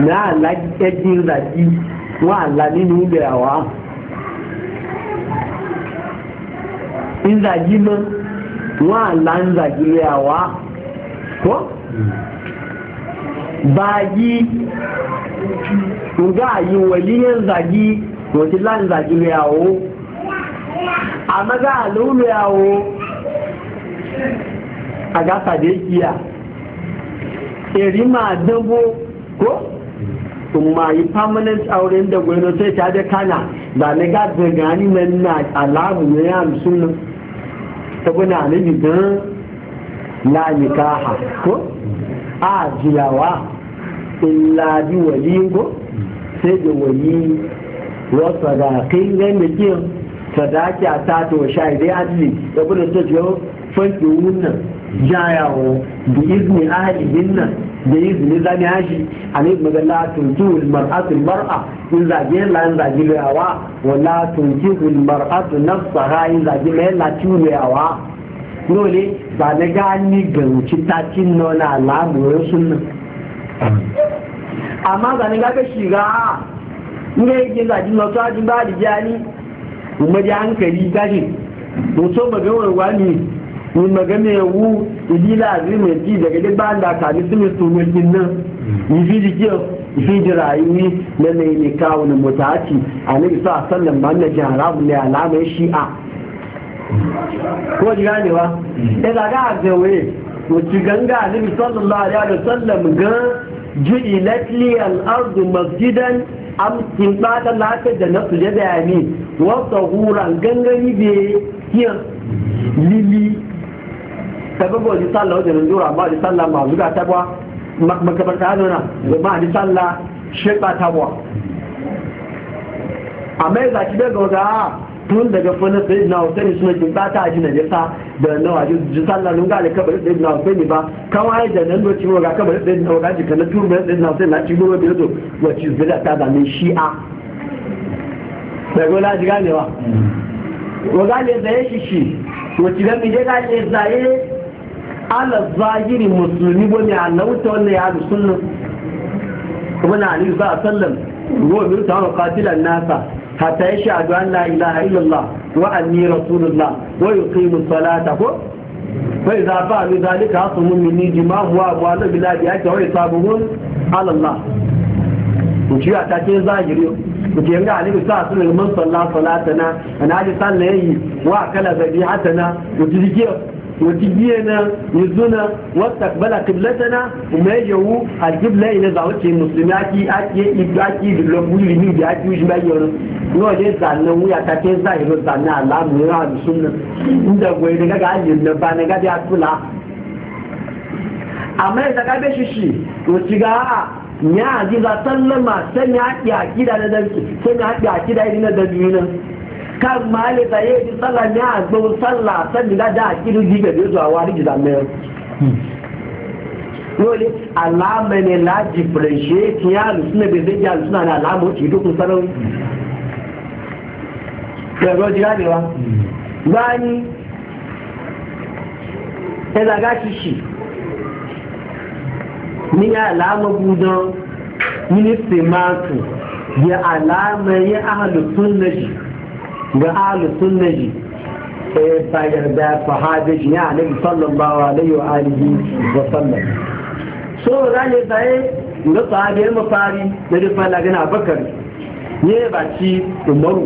na alaƙaƙin zaƙi wa alani ni da yawa in zaƙi man wa alan zaƙi yawa ko baagi nga ayi waliyan zaƙi wace lan zaƙi yawo a maga alaulu yawo a gasa da ya kiya e a dambo ko kuma yi permanent auren da gweno sai ta da kana ba na gasa gani nan na alamu ne ya nan ta guna na gidan la nikaha ko a jiyawa illa bi wali ko sai da wali wasu da kai ne da kiyan sadaki a tato sha idai adli da gudun ta jiyo fanke wunan jayawo da izini ahalihin nan da izini zami hashi a ne magana tunki mar'atul mar'a in zage la in zage layawa wala tunki mar'atu nafsaha in zage la in lati layawa dole ba na gani ga wuce ta ci nona alamurin sunan amma ga ni gaga shiga ne yake zage na to ajin ba da jani kuma ji hankali gashi mutum ba ga wani ni magana ya wu ilila agreement daga duk ba da ka su ne su nan ni fi jike fi ji ne na mai ne kawo na mutaci a na isa sallan ba na jihar abu ne alamar shi'a ko ji ganewa ya eh, zaga a zaure wacce ganga a nabi sallallahu alaihi wa sallam ga ju'ilat li al-ardu masjidan am kin ba da lafiya da na sujada yani wa tahuran gangani be kiyan lili sababu wani sallah wajen jura ba da sallah ma zuga ta ba makabarta nuna da ma da sallah shekpa ta ba amma ya e zaki daga waga tun daga fana sai na hussein suna kin ta a jina yasa da na waje ji sallah nun ga alkabar sai na hussein ba kawai e da nan lokacin waga kabar sai na waga jika na turbe sai na hussein na ci gurbe da to wacce zira ta da mai shi'a daga wala ji ganewa waga ne da ya mm. shi shi wacce zan mi je ga zaye ala zahiri musulmi wani a lauta wannan ya haɗu sunan kuma na aliyu za a sallam ruwa biyu ta wa katilan nasa hatta ya shahadu an la ilaha illallah wa anni rasulullah wa yuqimu salata ko fa idza fa'alu dhalika asmu minni jimahu wa amwalu bil ladhi ake wai yasabuhun ala allah mu ci ta ce zahiri mu ce ga alibi sa sunan man salla salatana ana ji yi wa kala zabiyatana mu ji wata yuzuna wata bala kiblatana kuma ya yawo a kibla ina za wace musulmi ake ake ibi ake ibi lambu ilimi da ake wuce mai yawon nuna wajen zanen wuya ta ke za a yi zanen alamu ya rawa musulmi inda gwai daga ga aliyu na ba na gadi a tula amma ya saka bai shi shi ga a ya ji za sallama sanya a kiyaki da na dabi sanya a kiyaki da irin na dabi nan ka maa ta ye di sala ni a gbɔ sala sani ka da a kiri di bɛ bi zuwa wari jira mɛ lórí alámẹni láti pèrèsé tí a lùsùnà bèbè jẹ àlùsùnà ní alámọ tí ìdókun sáré wí. ẹ̀rọ jìlá ni wa bá ní ẹ̀dàgá ṣíṣì ní alámọ budan mínísítì máa yẹ ga ahli sunnati sai eh ba yarda sahabi ji ya annabi sallallahu alaihi wa alihi wa sallam so ne sai ga sahabi mafari da rufa lagana bakar ne ba ci umaru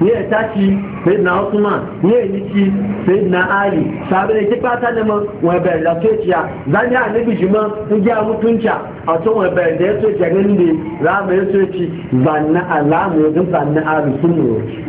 ne ya tashi sai na Usman ni ya yiki sai na Ali sabi da kifa ta da man wa bai da tociya zan ya annabi jima in ga mutunta a to wa bai da tociya ganin ne za mu yi toci na alamu zan na ali sunnati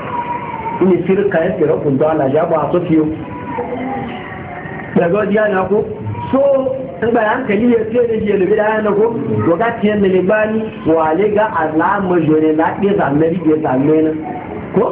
ní fírkà ẹ̀sẹ̀ rọ́pùntọ́ alàjábọ̀ àtọ́fíò pẹ̀lú ọdí àná kó so nígbà yà ń tẹ̀lé yẹ tí ó lè yẹ lóbi dáhà náà kó wọ́gá tiẹ̀ mẹ́lẹ̀ bá ní wà lé ga àlàmọ̀jọ ni na ẹ̀sà mẹ́rí bí ẹ̀sà na ko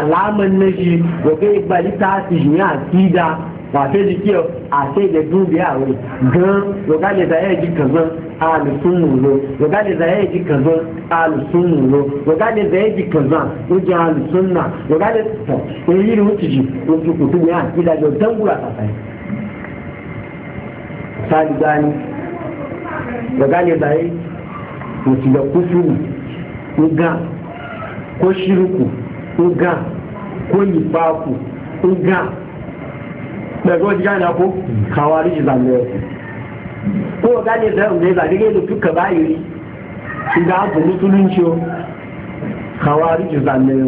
alàmọ̀ náà yìí wọ́gá ìgbàlítà ti yìí àti dáa wato jiki a sai da dubiya a wuri gan rogale da ya ji kazan alusun nuno rogale da ya ji kazan alusun nuno rogale da ya ji kazan wajen alusun na rogale ta wani yiri wuce ji wajen kutu a hankali da yau don gura sasai misali gani rogale da ya wuce da kusuru uga ko shiruku uga ko nifaku uga daga wajen gane ko kawari shi zanne ko gane da yau ne zage gane duka bayiri ga haka musulunci kawari shi zanne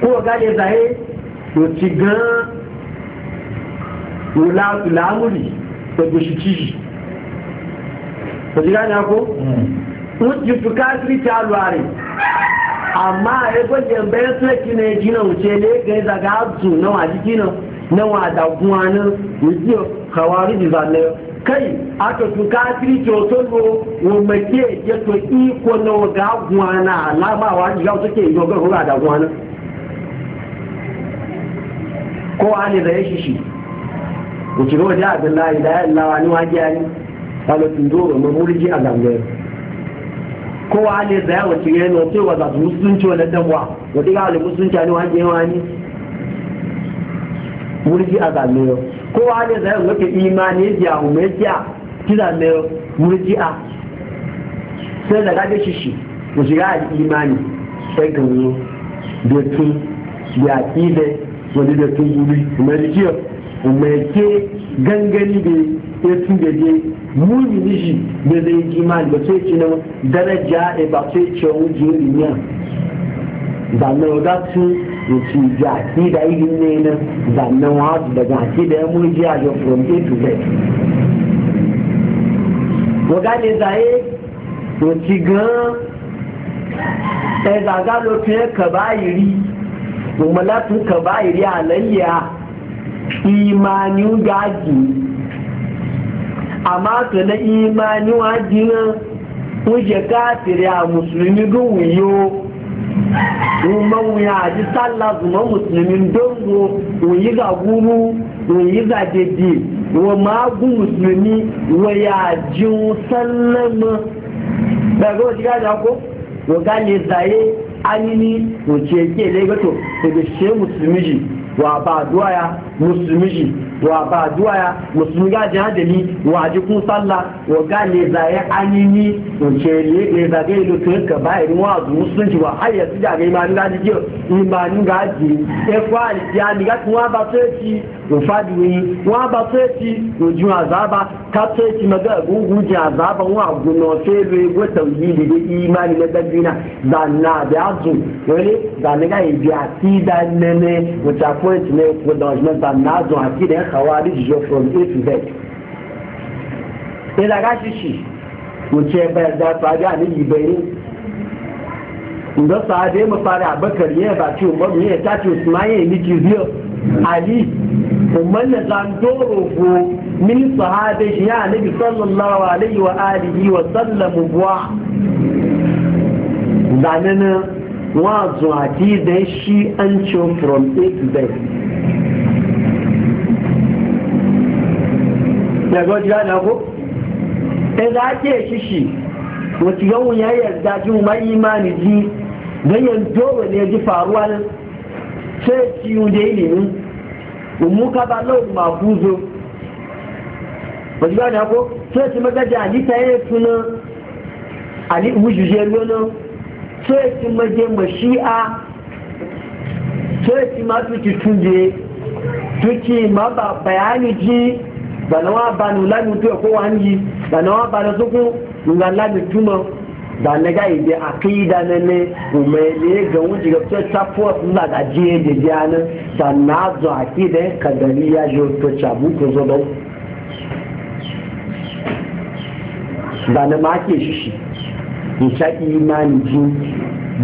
ko gane zahe to ci gan lamuri da gushi ciji wajen gane ko hmm. na wada guwanin wujiyo kawari da zanen kai aka su kafiri ke otolo wo ya to iko na guwana alama wa suke yi ogar ruwa da guwanin kowa ne da ya shishi wuce gawa da abin layi da yan lawa ni waje ya ni doro mun murji a gangaye kowa ne da ya wuce ya yi na wa za su musulunci wa na damuwa musulunci murji a zame yau kowa ne zai wata imani ya jiya mu ya jiya ki zame yau murji a sai da gaje shi shi mu shiga a imani sai ka mu da tun da akide wani da tun guri malikiyo umarke gangani da ya tun da je muni nishi da zai imani ba sai ci na daraja eh, ba sai ci wani jiri ne zanen da tun nci jaki da idin ne na zannan wasu da jaki da ya murji a jo from a to z mo gane zaye mo ci gan ẹ̀zàgá ló fi ń kàbá ìrí mo mọ láti kàbá ìrí àlẹ́yà ìmàní ń ga jì àmọ́ àtọ̀lẹ́ ìmàní wọn á jìnnà ń ṣe káàkiri à umman ya ji sallah zuma musulmin dongo wuyi ga guru wuyi ga dede wa gu musulmi wa ya ji sallama daga wasu gaja ko wa gane zaye anini wuce ke lagos to da shi musulmi ji wa ba duwaya musulmi ji wa ba duwaya musulmi ga jihar da ni wa ji kun sallah wa ga ne zaye anini in ce ne ga zage ne to ka ba irin wa zu musulunci wa har yanzu da ga imani ga ji imani ga ji e kwa ni ya ni ga kun wa ba so ci ko fadi wi wa ba so ci ko ju azaba ka so ci maga gugu ji azaba wa guno se be go tawhidi da imani na dabina da na da azu wani da ne ga ibi asida nene ta point ne ko da na da na zo akida khawarij yo from a to z ila gashi shi ce bayar da fada ne libani da sahabe mu fara abakar yi ba ci umar yi ta ci usman ya yi jiziyo ali umar da doro ko min sahabe shi ya nabi sallallahu alaihi wa alihi wa sallam buwa zanana wa zuwa ti da shi an ci from a to z daga wajen gane ko sai za ke shi shi wacce yawon ya yarda ji mai imani ji don yan dole ne ji faruwa nan sai ciwo ne ilimin umu ka ba lau ma buzo wajen gane ko sai ci magaji alita ya tuna ali wujuje lona sai ci maje mashi'a sai ci ma tuki tunje tuki ma ba bayani ji bana wa banu lami tu ko wanji bana wa bana suku nga lami tuma da na ga ide akida ne ne umele ga wuji ga ta support na da je de jana da na zo akide ka dari ya jo to chabu ko zo do da na ma ke shi in sha imani ji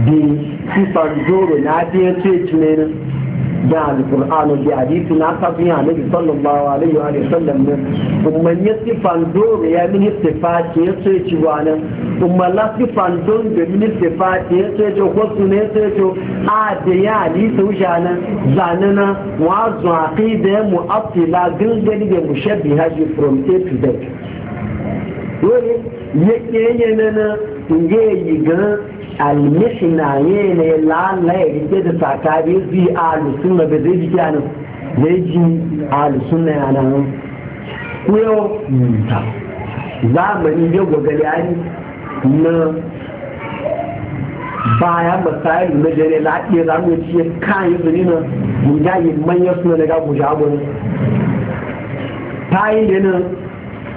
bi sifar zoro na biyan ce ne da alƙur'anu da hadisi na kafin ya nabi sallallahu alaihi wa sallam ne kuma ya sifan dole ya mini sifati ya ce ci wani kuma la sifan Fando da mini sifati ya ce ci ko su ne ce ci a da ya hadisi wuce nan zanana wa zuwa da ya mu'attila gangani da mushabbi from a to z dole yake yana na inge yi ga almishina yana lalla ya rike hmm, da saka bi zai alusunna ba zai jiki anan zai ji alusunna ya nan kuyo ta zamani ya gwagali an na bayan masayin na jere lafiya za mu ci kan yi zuri na guda yi manyan suna daga guja ta yi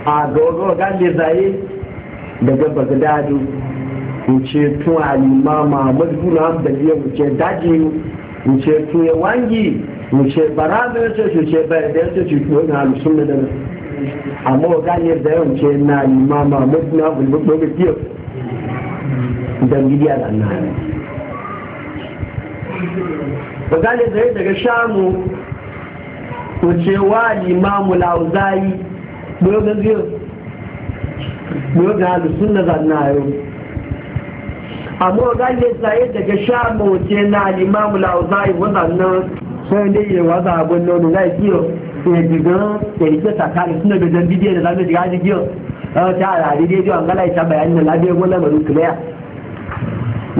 a gogo gande zaye daga bagdadu wuce tun alimama mazbuna da biya wuce daji wuce tun ya wangi wuce da ya ce wuce bayar da ya ce wuce tun ya halusun da dana amma wa gane da ya wuce na alimama mazbuna hanbali ya wuce fiye da gidiya da na ba gane da ya daga shamu wuce wa alimamu lauzayi gbogbo ga biyu gbogbo ga halittun na zannayo amma ga ne tsaye daga sha mawace na limamu la'uzari wadannan sai ne yi wata abin nono na biyu ya digan ya rike tsakanin suna da jan bidiyar da zama shiga jigiyo ta alari dai jiwa ngala ita bayanin lafiya ko lamarin kuliya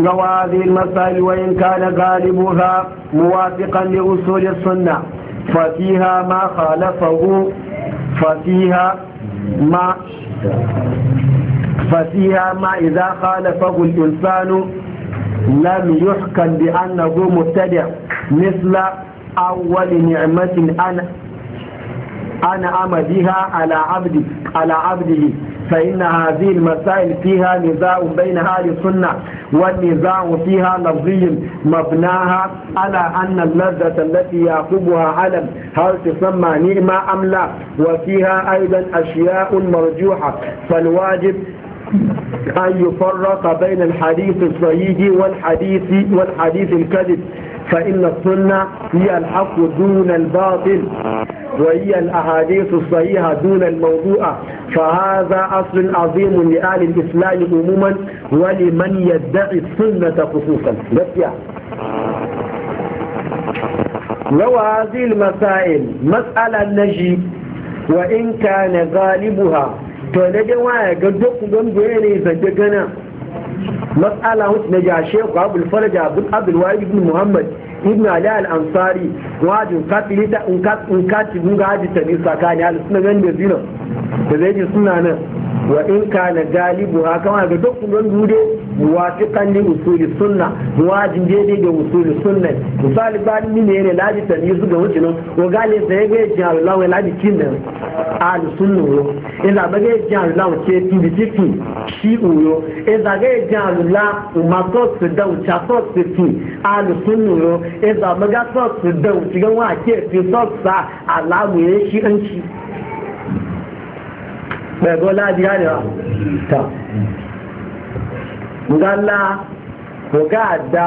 gawazi masali wa in kana galibuha muwafiqan li usul as-sunnah fa Fafiha ma khalafahu ففيها ما ففيها ما إذا خالفه الإنسان لم يحكم بأنه مبتدع مثل أول نعمة أنا أنعم بها على عبدي على عبده فإن هذه المسائل فيها نزاع بين أهل السنة والنزاع فيها لفظي مبناها على أن اللذة التي يعقبها علم هل تسمى نعمة أم لا وفيها أيضا أشياء مرجوحة فالواجب أن يفرق بين الحديث الصحيح والحديث والحديث الكذب فإن السنة هي الحق دون الباطل وهي الأحاديث الصحيحة دون الموضوع فهذا أصل عظيم لأهل الإسلام عموما ولمن يدعي السنة خصوصا بس لو هذه المسائل مسألة نجي وإن كان غالبها فلدي واحد قد بيني لهم matsala hutu na jashe ku abul faraja abul ibn muhammad ibn ali al ansari wajin kafiri ta in ka in ka sakani al sunna zina da zai ji suna nan wa in kana galibu ha kama ga dukkan don dude muwafiqan li usuli sunna muwajin daidai ga usuli sunna misali ba ni ne ne laji su ga wucin ko gale sai ga ji Allah wa laji kin da al sunna in ina ba ga ji Allah ke ti bi ti shi uyo ina ga ji Allah ma to su da ucha to su ti al sunna in ina ma ga to su da ti ga wa ke ti to sa Allah mu yi shi an shi bai ga laji gane ba ta ngalla ko ga da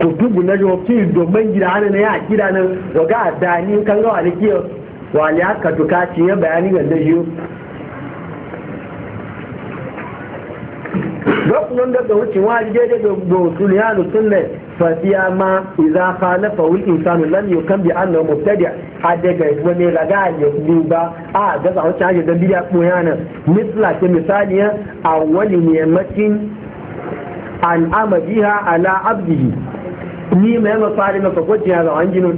ko dubu na jo ki domin gida hana na ya gida nan ko ga da ni kan ga wani kiyo wani aka tuka ci ya bayani ga da yiwu dokunan da wuce wa daidai da wasu ne ya fasiya ma idza khalafa wal insanu lam yukam bi annahu mubtadi hade ga wani raga ya kudu ba a ga sa wacce ake dan bidiya koyana misla ke misaliya wani ni'matin an amabiha ala abdihi ni mai mafari maka gwajiya ga wani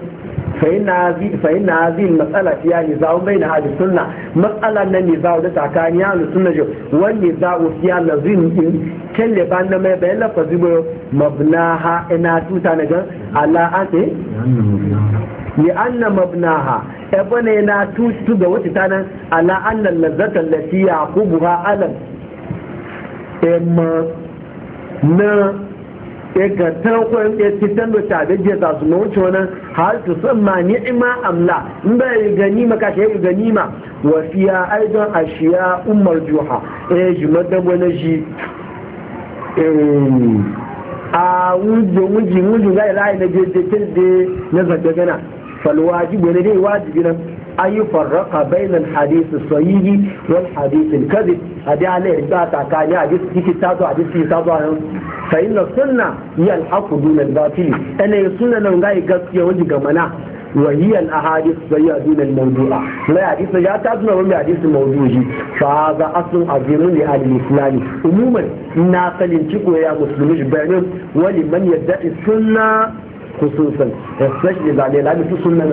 fahimna zin matsala ta yaya nizawa bai na hajji suna matsala na nizawa da takan ya halu suna jo wani nizawa ta yaya zin in kelle ba na mai lafa zuwa mabna ina tuta na gan ala'ate? ni an eh? na mabna ha na ga wata tanan ala'an na lazzatar lafiya ko buha alam ya ga tankon ya titan da ta da za su na wuce wani har su san ma ni'ima amla in ba ya gani ma ka yi gani ma wa fiya aidan ashiya umar juha eh ji madan wani shi a wujo wujo wujo ga ila ila je je kin na zaga gana falwaji wani dai wajibi nan أن يفرق بين الحديث الصحيح والحديث الكذب هذه عليه إثبات كان في كتابه حديث كتابه فإن السنة هي الحق دون الباطل أنا السنة لو غاي غسيه وجه جمنا وهي الأحاديث الصحيحة دون الموضوع لا حديث يا تاسنا ولا حديث موضوعي فهذا أصل عظيم لأهل الإسلام عموما ناقل تشكو يا مسلمين بينهم ولمن يدعي السنة خصوصا يستجلب عليه لا السنة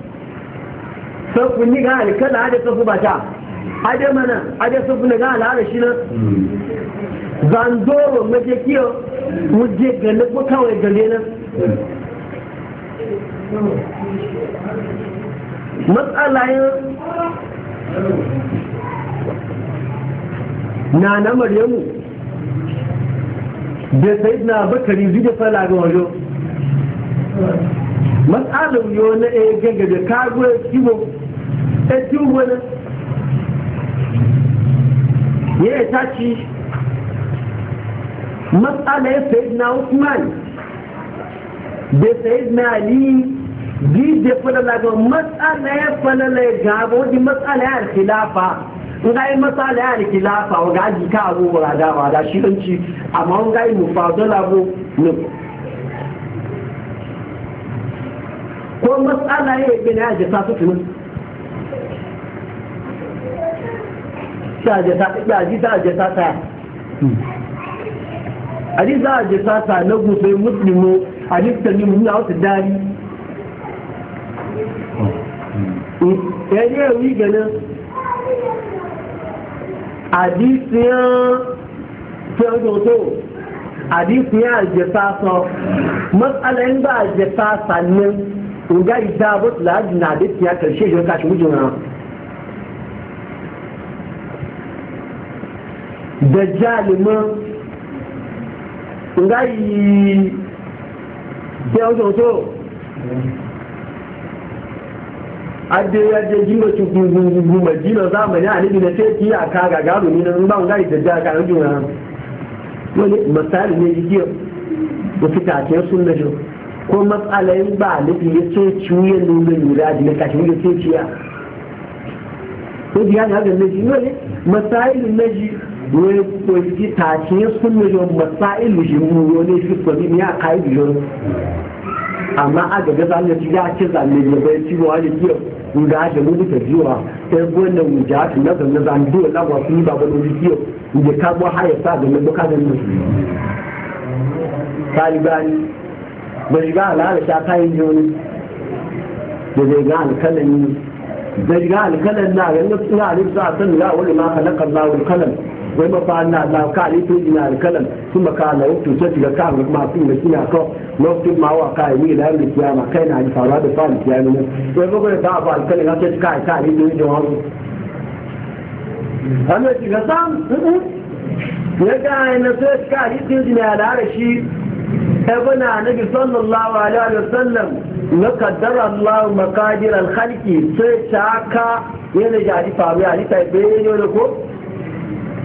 safu ni ga alkala da safu ba ta ade mana ade safu ni ga alhara shi nan zandoro maje kiyo muje gane ko kawai gane nan matsala yin na na maryamu da sai na bakari zuje fala ga wajo matsalar yau na ya gaga da kago ya kiwo ya kiwo wani ya yi tashi matsalar ya sayi na usman da sayi na ali bi da falala ga matsalar ya falala ya gaba wani matsalar ya alkhilafa nga yi matsala ya alkhilafa wa ga ajika abubuwa da wa da shi ɗanci amma nga yi mufadala bu ko matsala ya yake na yaje ta su tuni ta je ta ta ji ta je ta ta ali za je ta ta na gobe muslimu ali ta ni mun wata dari eh, ya ne wi ganin adisiyan tiyoto adisiyan ajeta sọ matsalayin ba ajeta sannan nga idabut la na da ya karshe shi ka shi mujin da jalima nga yi ya wajen so ade ya je jino ci gungungu ma jino zamani a nibi na sai ki a kaga gano ni na ba nga yi da ja ga wani wani misali ne yi kiyo da fita ke sun na shi ko matsalai ba nufi ya ce ciye nuna lura da ya kashin ya ce ciya ko biya na shi naji matsayin na shi wani kwanci ce ya sun ne yau matsayin shi mu wani shi kwani ne a kayi biyar amma a ga gaza ne ya ce zanne ne bai ci wa ne kiyar nga da mu ta jiwa sai wannan wuja ta na zanne zanne dole na wasu ba ba ne kiyar da ka bo haya sa da ne ka da ne talibani bai ga al'ada da zai ga alkalami zai ga alkalan na yanzu suna alif ga wani ma na alkalan wai mafa na na ka alif to ina alkalan kuma ka na wato ta shiga ka ma fi da kina ka ma wa da ni ma kai na da fa ne wai ba da ba alkalan ka ce ka ka shiga sam ne ga na sai ka alif da shi ابن النبي صلى الله عليه وسلم لقدر الله مقادير الخلق سيتاكا يلي جاري فاوي علي تايبيني لكو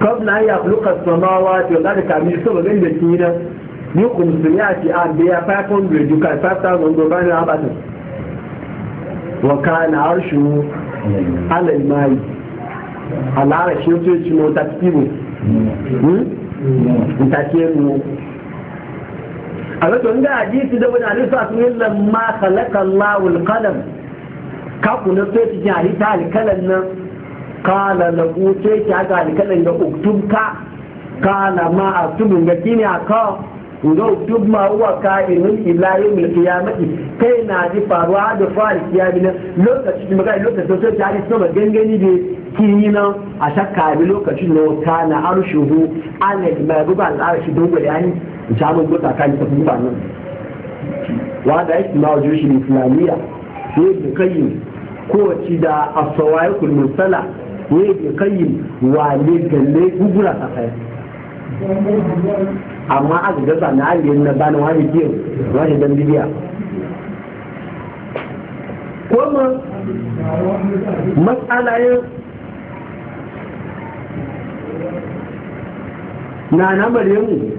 قبل أن يخلق السماوات والأرض كامل سبب بين بسينا يقوم سمياتي أنبياء 500 يكاي 5000 دوغان أبدا وكان عرشه على الماء على عرش تشمو مو تكتيبو a zato inda hadisi da wani alisa sun yi lamma khalaqa lawul qalam ka kuna so ji hadisi alkalan nan kala na kuce ki haka alkalan ga uktubka kala ma a tubin ga kini a kawo ga uktub ma huwa ka'inun ila yawmil qiyamati kai na ji faruwa da fari kiyami nan lokacin magana lokacin sai ki hadisi sama gangani da kini nan a shakka bi lokacin da kana arshuhu an al-maghdubi al-arshi dogo yani jamus ko tsakani ta fi mutane wanda ya fi mawa jirgin islamiyya ne da kayi kowace da asawai kulmin sala ne da kayi wale galle gugura ta kai amma aka gaza na aliyar na bani wani biyu wani dan bibiya kuma matsalayen na namar yamu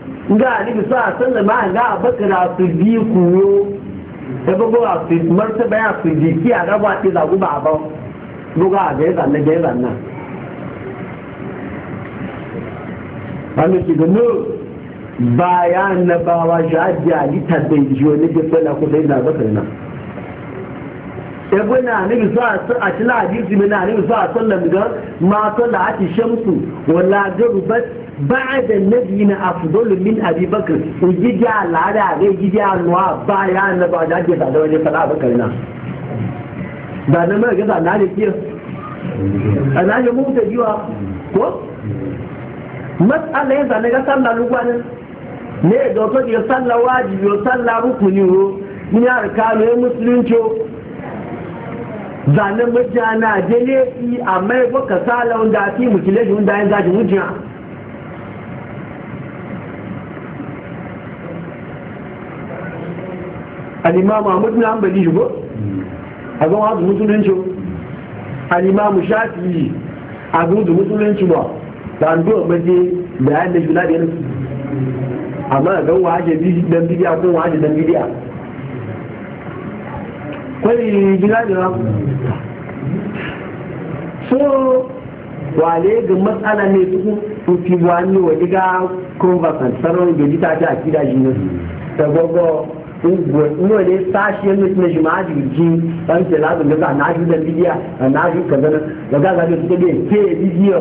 ga alibi sa sallama ga bakara su bi kuyo da bugu a su martaba ya su jiki a raba ta zagu ba ba bugu a ga zanne ga zanne wani ki gano bayan na bawa shi ajiye alita bai ji wani ke fela kusa ina bakar na ebe na anabi sa a cikin na anabi sa sallam ga ma ake shamsu wala garubat بعد النبي أفضل من أبي بكر يجي على على يجي على نوع بايا نبا نجي بعد وجه فلا بكرنا بعد ما قدر نادي كير أنا يوم مبتدئ كو مسألة إذا نجا سلا ne da wato ya salla wajibi ya salla rukuni ro ni ya kano ya musulunci zanen majana je ne amma ya baka sala wanda a fi mutile da wanda ya zaji wujiya al'imamu ahmad na hanbali shigo a zama hazu musulunci al'imamu shafi a zuzu musulunci ba da do maje da yadda jula da yanzu amma ga waje dan bidiya ko waje dan bidiya kwai jula da so wale ga matsala ne su fi wani wa diga conversant sarrafa gajita ta akida shi ne ta gwagwa kuma ne sashi ya mutu na jimaji ji ɗan ke lazun daga na shi da bidiya a na shi ka zana da ga zaɓe su ke ke bidiyo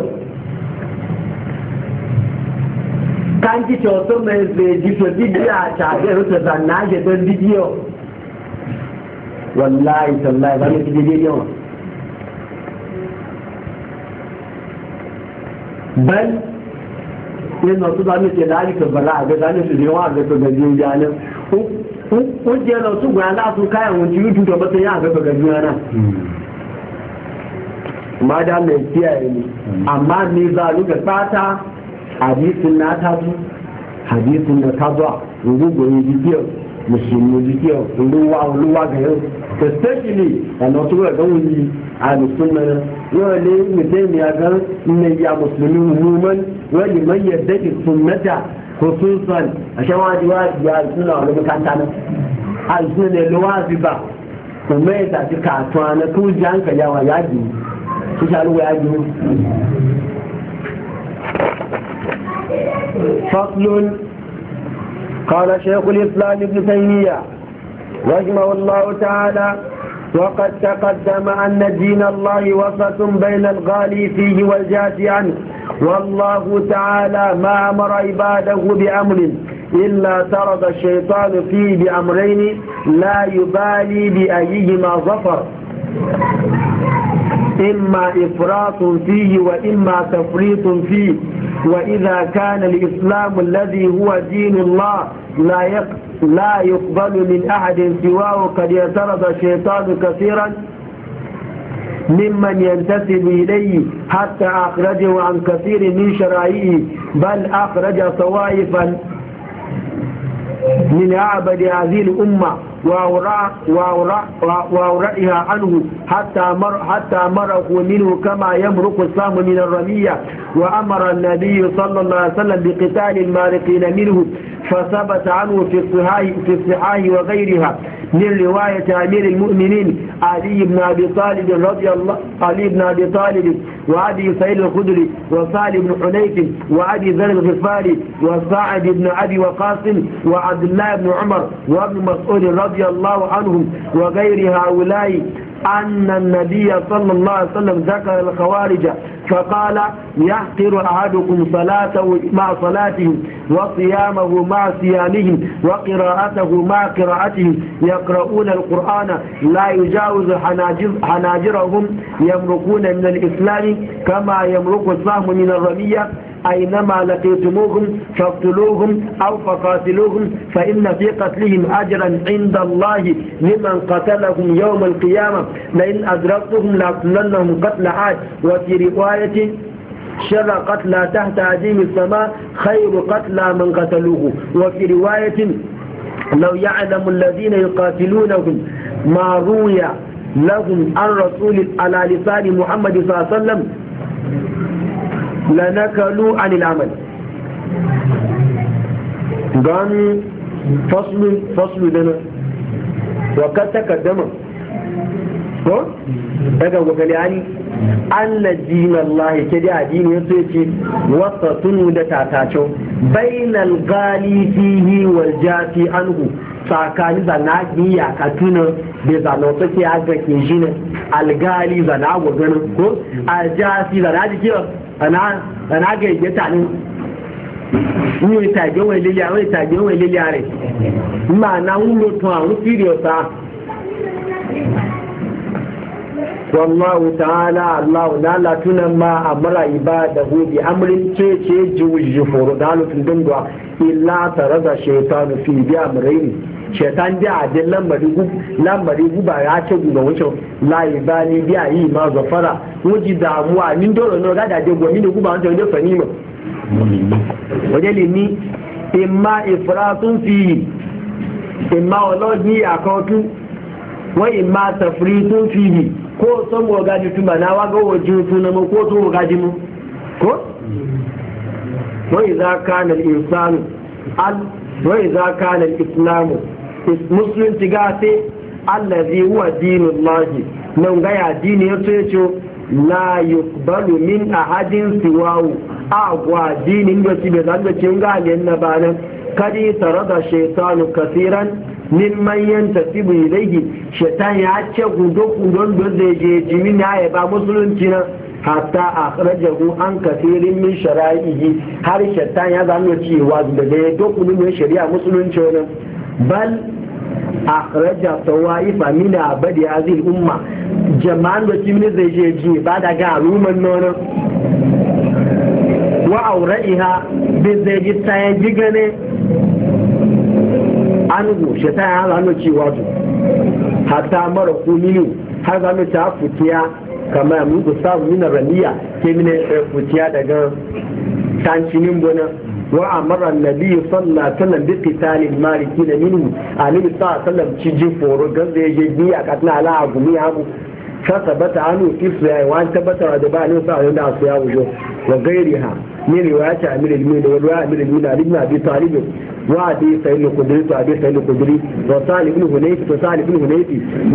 kan ki mai zai ji to bidiya ta ga rufe zan na shi don bidiyo wallahi tallahi ba ne ki daidai yawa bal yana su zami ke lalika bala a ga zami su zai wa ga ga zai kungiyar da su gwaya za su kayan wanci rutu da matsayi a gaba ga juna ma da mai kiyaye ne amma ne za a ruga tsata hadisin na ta zu hadisin na ta zuwa rugu yi jikiyar musulmi jikiyar ruwa ruwa ga yau especially a nasu ga gawuni a musulman yau ne mutum ya ga ne ya musulmi umuman wani man yadda ki sunnata خصوصا عشان واحد واحد يعرفنا ولا مكان تاني عارفين اللي واجبة وما يدعي كاتوانا كل جانك يا وياجي شو قالوا فصل قال شيخ الإسلام ابن تيمية رحمه الله تعالى وقد تقدم أن دين الله وسط بين الغالي فيه والجافي عنه والله تعالى ما أمر عباده بأمر إلا ترد الشيطان فيه بأمرين لا يبالي بأيهما ظفر إما إفراط فيه وإما تفريط فيه وإذا كان الإسلام الذي هو دين الله لا يقتل لا يقبل من أحد سواه قد يترض الشيطان كثيرا ممن ينتسب إليه حتى أخرجه عن كثير من شرائعه بل أخرج طوائفا من أعبد هذه الأمة وورئها عنه حتى مر حتى مرقوا منه كما يمرق السهم من الرمية وأمر النبي صلى الله عليه وسلم بقتال المارقين منه فثبت عنه في الصحاح في الصحاح وغيرها من رواية أمير المؤمنين علي بن أبي طالب رضي الله علي بن أبي طالب وأبي سعيد الخدري وصالح بن حنيف وأبي ذر الغفاري وصاعد بن أبي وقاسم وعبد الله بن عمر وابن مسعود رضي رضي الله عنهم وغير هؤلاء أن النبي صلى الله عليه وسلم ذكر الخوارج فقال يحقر أحدكم صلاته مع صلاته وصيامه مع صيامهم وقراءته مع قراءتهم يقرؤون القرآن لا يجاوز حناجرهم يمرقون من الإسلام كما يمرق السهم من الرمية أينما لقيتموهم فاقتلوهم أو فقاتلوهم فإن في قتلهم أجرا عند الله لمن قتلهم يوم القيامة لئن أدركتهم لأقتلنهم قتل عاد وفي رواية شر قتلى تحت عديم السماء خير قتلى من قتلوه وفي رواية لو يعلم الذين يقاتلونهم ما روي لهم عن رسول على لسان محمد صلى الله عليه وسلم lanakalu anil amal don faslu dana wakar takaddama ko daga gwagwale ani an na dinar lahi ke da adini yasu ya ce wata tunu da tatacin bainal gali fihi wal jafi anhu tsakani zana giya ka tuna da zana wata ke aga ke shi ne algali zana ganin ko aljafi zana jikin ana ga ije tani ni o ta jowo ile ya ta jowo ile ya re ma na wu lo to awu ta wallahu ta'ala allah la la tuna ma amra ibadahu bi amrin ce ce juwi juhur dalu illa shaytanu fi bi amrayni shaitan da adin lambari guba ya ce guga wucin layi bani biya yi ma zafara wuji damuwa min dole no gada de ni ne guba wancan ne fani ma wajen limi imma ifratun fi imma olodi akọtu wọ́n imma tafritun fi ko son mu gaji tuma na wa waga wajen suna mu ko sun ji mu ko wai za ka na insanu al wai za ka na islamu musulunci allah allazi huwa dinullahi nan ga ya dini ya ce yace la yuqbalu min ahadin siwahu agwa dini da ci be zanga ce ga ne na banan kadi tarada shaytanu kasiran mimman yantasibu ilayhi shaytan ya ce gudo gudon da zai je jimi na ya ba musulunci na hatta akhrajahu an kasirin min shara'ihi har shaytan ya zanga cewa da dai dokunin shari'a musulunci wannan bal akhraja tawaifa min abadi hadhihi umma jama'an da kimin zai je ji ba da ga aluman nono wa auraiha bi zai ji tayan gigane angu shi ta ya zano cewa to hatta mara kuminu har mu ta futiya kamar ya mutu sabu nuna raniya ke mine eh, futiya daga tancinin bonan wa'amaran nabiyu suna tsananin bitamin malamin ne na yin mu a nufin sa salamci jin tsoron gajiyayye biyu a katin al'adu mun yi hagu. sassaɓa ta hannu su su wa an tabbatar da ba a sa yawani na su su yawu zuwa. wanzamiya. من رواية أمير المؤمنين ورواية أمير المؤمنين بن أبي طالب وعدي سيد القدري وعدي سيد القدري وصالح بن هنيف وصالح بن هنيف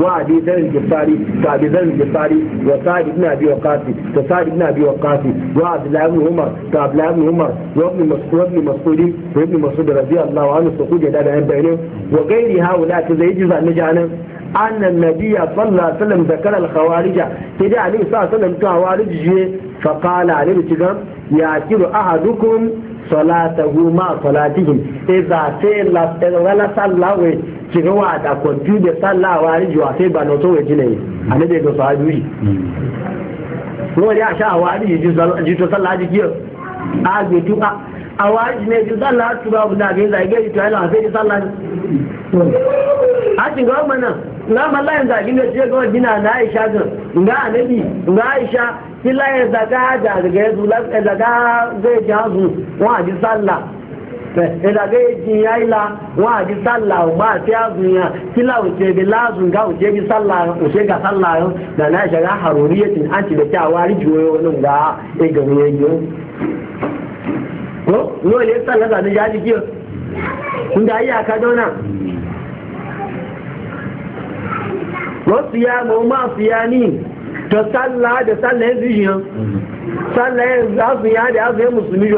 وعدي ذر الجفاري وعدي ذر الجفاري وصالح بن أبي وقاسي وصالح بن أبي وقاسي وعبد الله بن عمر وعبد الله بن عمر وابن مسعود وابن مسعود وابن مسعود رضي الله عنه سقوط يدعى بينهم وغير هؤلاء كذا يجوز أن نجعل أن النبي صلى الله عليه وسلم ذكر الخوارج تدعى عليه صلى الله عليه وسلم كخوارج فقال عليه السلام يعكر أحدكم صلاته مع صلاتهم إذا سيلا ولا صلى كيغوا دا كونتيو صلى وارجو أسي بانوتو وجيني أنا دي دو ko da sha wari ji ji to sallah ji kiyo a ge tu a awaji ne ji sallah tu ba da ge za ge to ala sai sallah na malayin zagi ne ce ga gina na aisha gan nga anabi nga aisha ya zaga da daga ya zula ya zaga zai ji wa ji sallah ya zaga ya ji ya ila wa ji sallah ma ta ya zuya kila wuce bi ga wuce bi sallah wuce ga sallah da na aisha ga haruriyatin an ci da wani ga ya ga ko ji kun da wasu ya ma masu ya ni ta salla da salla yanzu shi yan salla yanzu azun ya da azun ya musulmi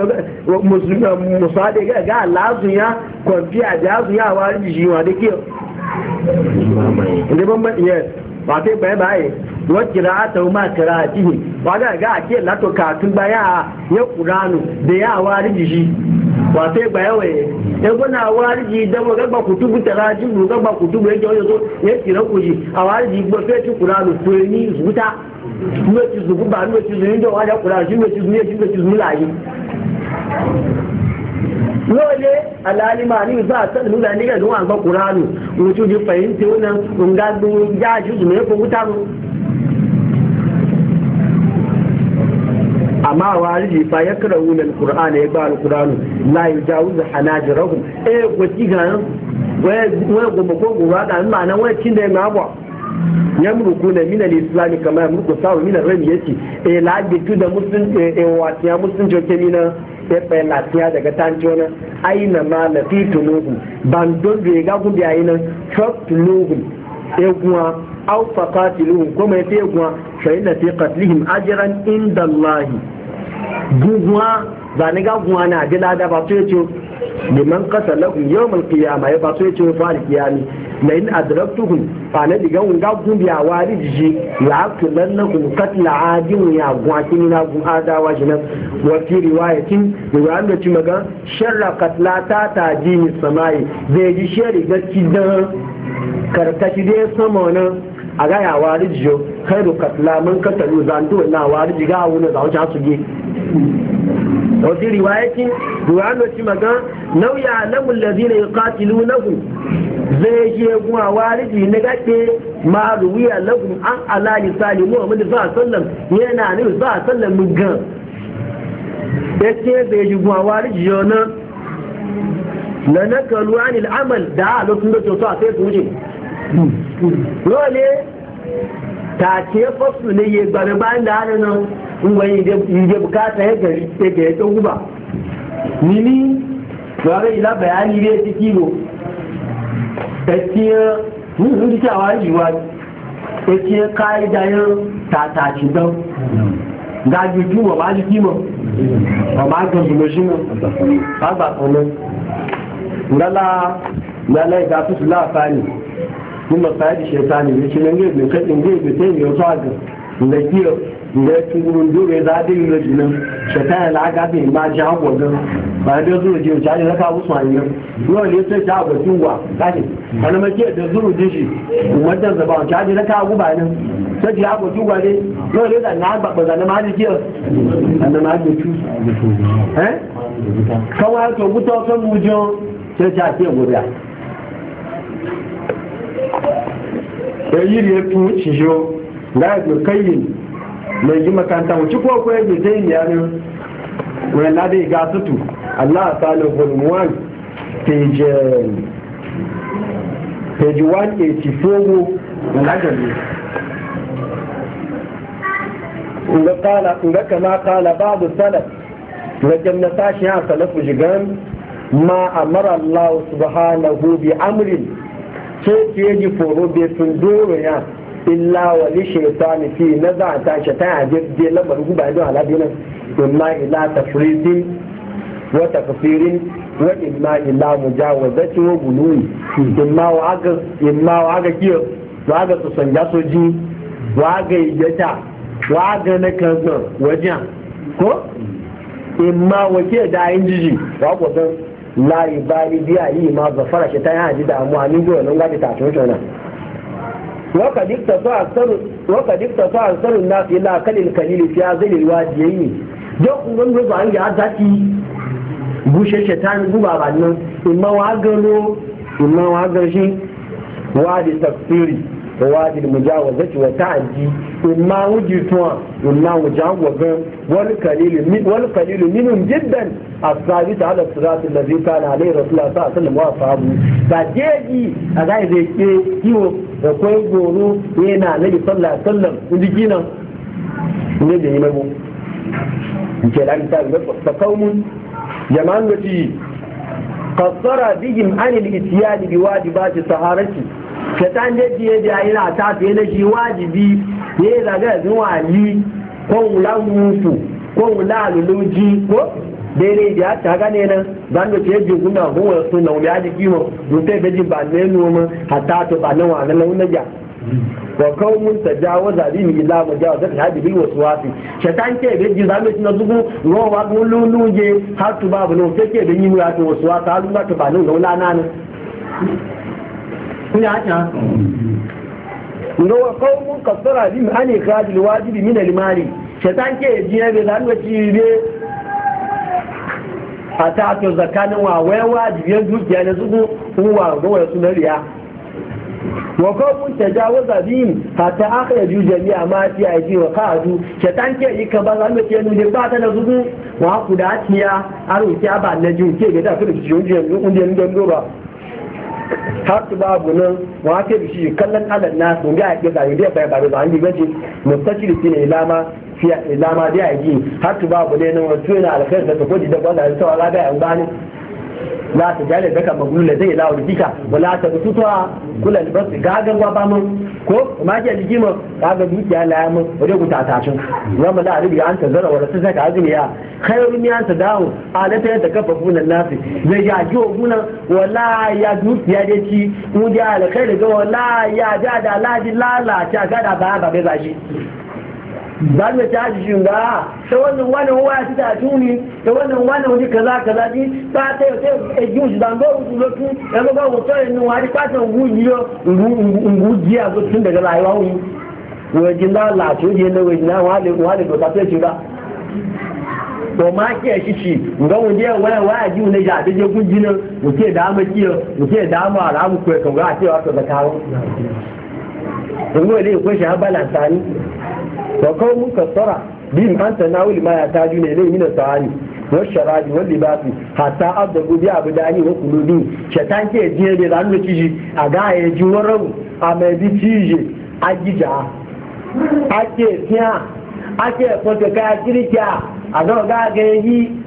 musulmi musa ga ga lazun ya kwafiya da azun ya wa ji shi wa da ke da bamban yes ba ta bai bai wa qira'ata ma qira'atihi ba ga ga ke lato katun baya ya qur'anu da ya wa ji wato ya baya waye ya gwana warji dan wa gaba kutubu tarajin gaba kutubu yake wajen so ya kira kuji a warji gba fetu kuranu to ni zuta nwe ti zugu ba nwe ti zugu ndo wani kuranu shi nwe ti zugu ne shi nwe ti zugu layi lole alalima ni za a san nuna ni ga zuwa ga kuranu mutu ji fahimta wannan ungagbin ya ji zume ko wuta mu amma wariji fa ya kira wuna alquran ya ba alquran la yujawizu hanajirahum eh gwati ga wa wai goma ko goma da nan nan wa kin da ya ngaba yamruku na minal islami kama yamruku sawu minal rami yace eh la tu da musun eh, eh watiya musun joke mina pe eh, la tiya daga na aina ma lafitu nuhu ban don da ya ga gudu yayi nan trust nuhu eguwa aw faqatiluhum kuma yafi kuma fa inna fi qatlihim ajran inda allahi guguwa zane ga guguwa na ji da ba sai yace liman kasa lahu yawmal qiyamah ya ba sai ce fa alqiyami la in adraktuhum fa na diga un ga gumbiya wari jiji la tulannakum katla adin ya gwakin na gun adawa shi nan wa fi riwayatin riwayan da ci maga sharra katla ta ta ji tajini samai zai ji shari gaskiya karkashi dai sama wannan a gaya ya wari jiyo kai da katla mun katalu zando na wari jiga wani za wuce su ge wasu riwayatin ruwano ci maga nauya alamun na ya katilu hu zai je kuma wariji na gaɗe ma ruwiya hu an ala lisani muhammadu a sallam yana za a sallam mun gan ya ce zai je kuma wariji yana na nakalu anil amal da a lokacin da so a sai su wuce lọ́ọ̀lẹ́ tààtì fọ́sùn ní iye gbàgbà ń dáa nínú ngbọ̀n ìdè bukata ẹgẹ̀rẹ̀ tó gúbà níní lọ́rẹ́ ìlàbẹ̀yà ní ilé ti kíbo ẹ̀tìyàn ní ìlú tí àwọn ìwà ma ká ìdáyàn tààtà zuma gájú tí wọ́n bá jí kímọ̀ ọ̀bá gbọ̀n jùlọ sí mọ̀ mun ba sai shaytani ne shi nan ga mun kan inge ga sai yau ta ga da kiyo da tungurun dole za da yi da jinan shaytani la ga bai ma ja go ga ba da zuru ji ta da ka usman ne yau ne sai ta ga tuwa kaje kana ma ke da zuru ji shi wanda zaba ta da ka gu ba nan sai ya go tuwa ne yau ne da na ba ba na ma ji kiyo na ma ji eh kawai to buta kan mujo sai ta ce gobe ya yi riyar shi jo na yi kai mai yi makanta wuce ko kuwa bai zai yi yanin wani na dai ga tutu allah ta lo volume 1 page 184 eh, na lagari nga kama kala babu salaf na jannata tashi ha salafu jigan ma amara allah subhanahu bi amrin sai su yi ji foro bai sun doro ya illa wani ne fi na za a tashi ta yaje je lamar guba don alabi nan imma ila tafridin wa takfirin wa imma ila mujawazati wa guluwi imma wa aga ma wa aga kiyo wa aga su sanja soji wa aga yata wa aga na kanzo wajen ko imma wa ke da yin jiji wa kwasan lari bari biya yi ma zafara shi ta yana da damuwa ni biyo nan gaji ta cin shona waka dikta so a sarun na fi la kalil kalil fi azilil yi don kungon zuwa an a zaki bushe shi ta guba ba nan imma wa gano imma wa gashi wa di tafsiri ووادي المجاوزة وتعدي إما وجدتها إما وجاوزا والقليل من والقليل منهم جدا الثابت على الصراط الذي كان عليه رسول الله صلى الله عليه وسلم وأصحابه فجيجي أغاية ذيكي يو وكوي قولوا ينا النبي صلى الله عليه وسلم وديكينا وديكينا وديكينا وديكينا فقوم جمعان وتي قصر بهم عن الاتيان بواجبات طهارته shaitan da biye-biye, da yana ta fiye na shi wajibi ya yi zaga zuwa li ko wula rufu ko wula luluji ko daidai da ya ta gane nan ba da ke ji guna huwa su na wuya ji kimo rufe da ji ba ne noma hatta to ba nan wa nan launaja wa kawun ta jawo zabi mi ila mu jawo da hadi bil waswasi shaitan ke da ji zabe na zugu rowa gululuje har tu babu no ke ke da yi mu ya to waswasa har ba to ba nan launa nan kuya hanya ga wa mun kasara bi an ikhraj al wajib min al mali shaitan ke jiya be ci wace be ta to zakanin wa wai wajibi yan dukiya ne zugu huwa ga wa sunan riya wa qaumun tajawaza aka yi akhraju jami'a ma fi ji wa qadu shaitan ke yi ka ba zan wace ne ba ta da zubu. wa ku da a aro ki ba na ji ke ga da su da jiyan jiyan kun ba har su abu nan wa ta bi shi kallon alal na sun ga ake zai da bai bari ba diga ji mustashiri fi ne ilama fi ilama da yi ji har su babu ne nan wato yana alkhair da ta ko da ba da sawa ga ya ngani la ta jale daga magula zai lawo da kika wala ta kutuwa kula libas gagan wa ba mun ko ma ke ligima kaga dukiya la ya mun wade ku ta tashin wa mala an ta zara wala ka azumi ya khairun ya ta dawo alata ta kafa funan nasi zai ya ji guna wala ya dukiya da ci mu da alkhairi ga wala ya da da ladi lalata ga ba ba bai zashi za mu ta ji ba ta wannan wani wa ta tuni ta wannan wani wani kaza kaza ji ta ta ta shi dan go su lotu ya ga go to ne wa ri patan wu ji ngu ji a go tun daga rayuwa wu wo la na ta ba to ma ke shi shi ji da je da ma da ma ko ni. wa qaumun kasara bihim an tanawul ma yatajuna ilayhi min as-sahani wa sharabi wal libasi hatta abdu bi abdani wa qulubi shaitan ke jiye da ran da kiji a ga ya ji a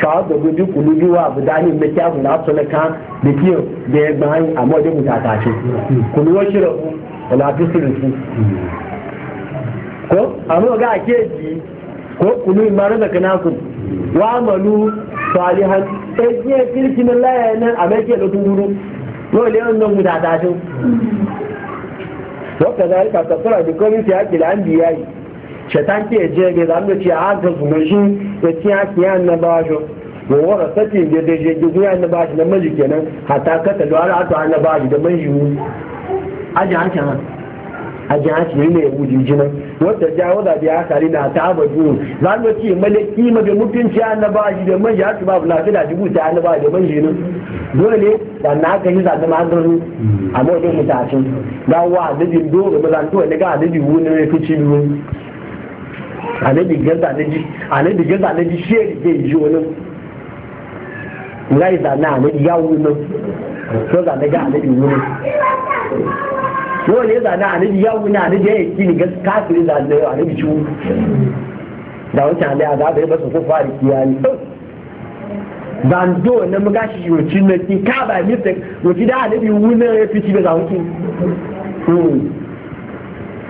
kawo da gudu kulu biwa bu dani da na bu na ka da kiyo da ya bayan amma da mutu ta ce kulu wa shira ku wala tu sulusu ko amma ga ake ji ko kulu mara da kana ku wa malu salihan sai ke kirkin nan a mai ke da duru dole wannan muta ta shaitan ke je ga za mu ce a ga su shi, ya ci a kiyan na ba shi wa wara sati ga da je ga kiyan na ba shi na maji kenan hatta ka ta da ala ta na ba shi da maji mu aji a ha aji hanci ne ya wuji jinan wanda ja wada da ya kare na ta abadu za mu ce malaki ma da mutunci an na ba shi da maji ya ci babu lafiya dubu ta an na ba da maji ne dole da na ka yi zaɓi ma an a mawajin mutacin dawowa a dajin dole ba zan tuwa daga a dajin wuni ne fi cibiyoyi anabi gaza anabi anabi gaza anabi sheri zai ji wani ngai zana anabi ya wuni so zana ga Wani wuni wani zana anabi ya wuni anabi ya yi ni gaskiya kafiri zana yau anabi ci wuni da wancan hali a zaɓa ya basu ko fari kiyani zando na magashi yoci na ki ka ba mi tek yoci da anabi wuni ya fi ci da zawuki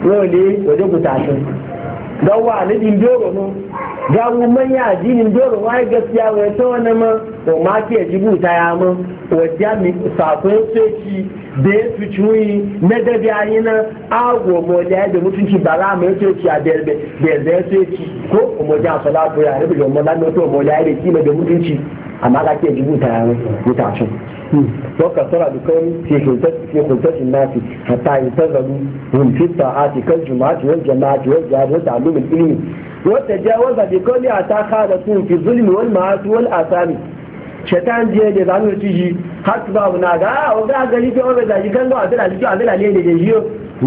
wani wajen gutashin ga wani din doro mu ga mu manya addinin doro wai gaskiya wai to wani ma to ma ke jibuta ya mu wajja mi sako sai da ya fi cuyi na dabi ayi na agwo moja da mutunci ba za mu yace ki a derbe da zai yace ki ko moja salatu ya rabu da mu to moja da kima da mutunci amma ga ke jibuta ya mu mutacin وكثر بكون في خلطة في خلطة الناس حتى ينتظروا هم في الطاعات كالجمعة والجماعة والجهاد وتعلم العلم وتجاوز بكون أتى خالتهم في الظلم والمعاصي والآثام shaitan jiya da zanu ci shi har ba abu na ga o ga gari ko ba da shi kan ga adala shi adala ne da ke shi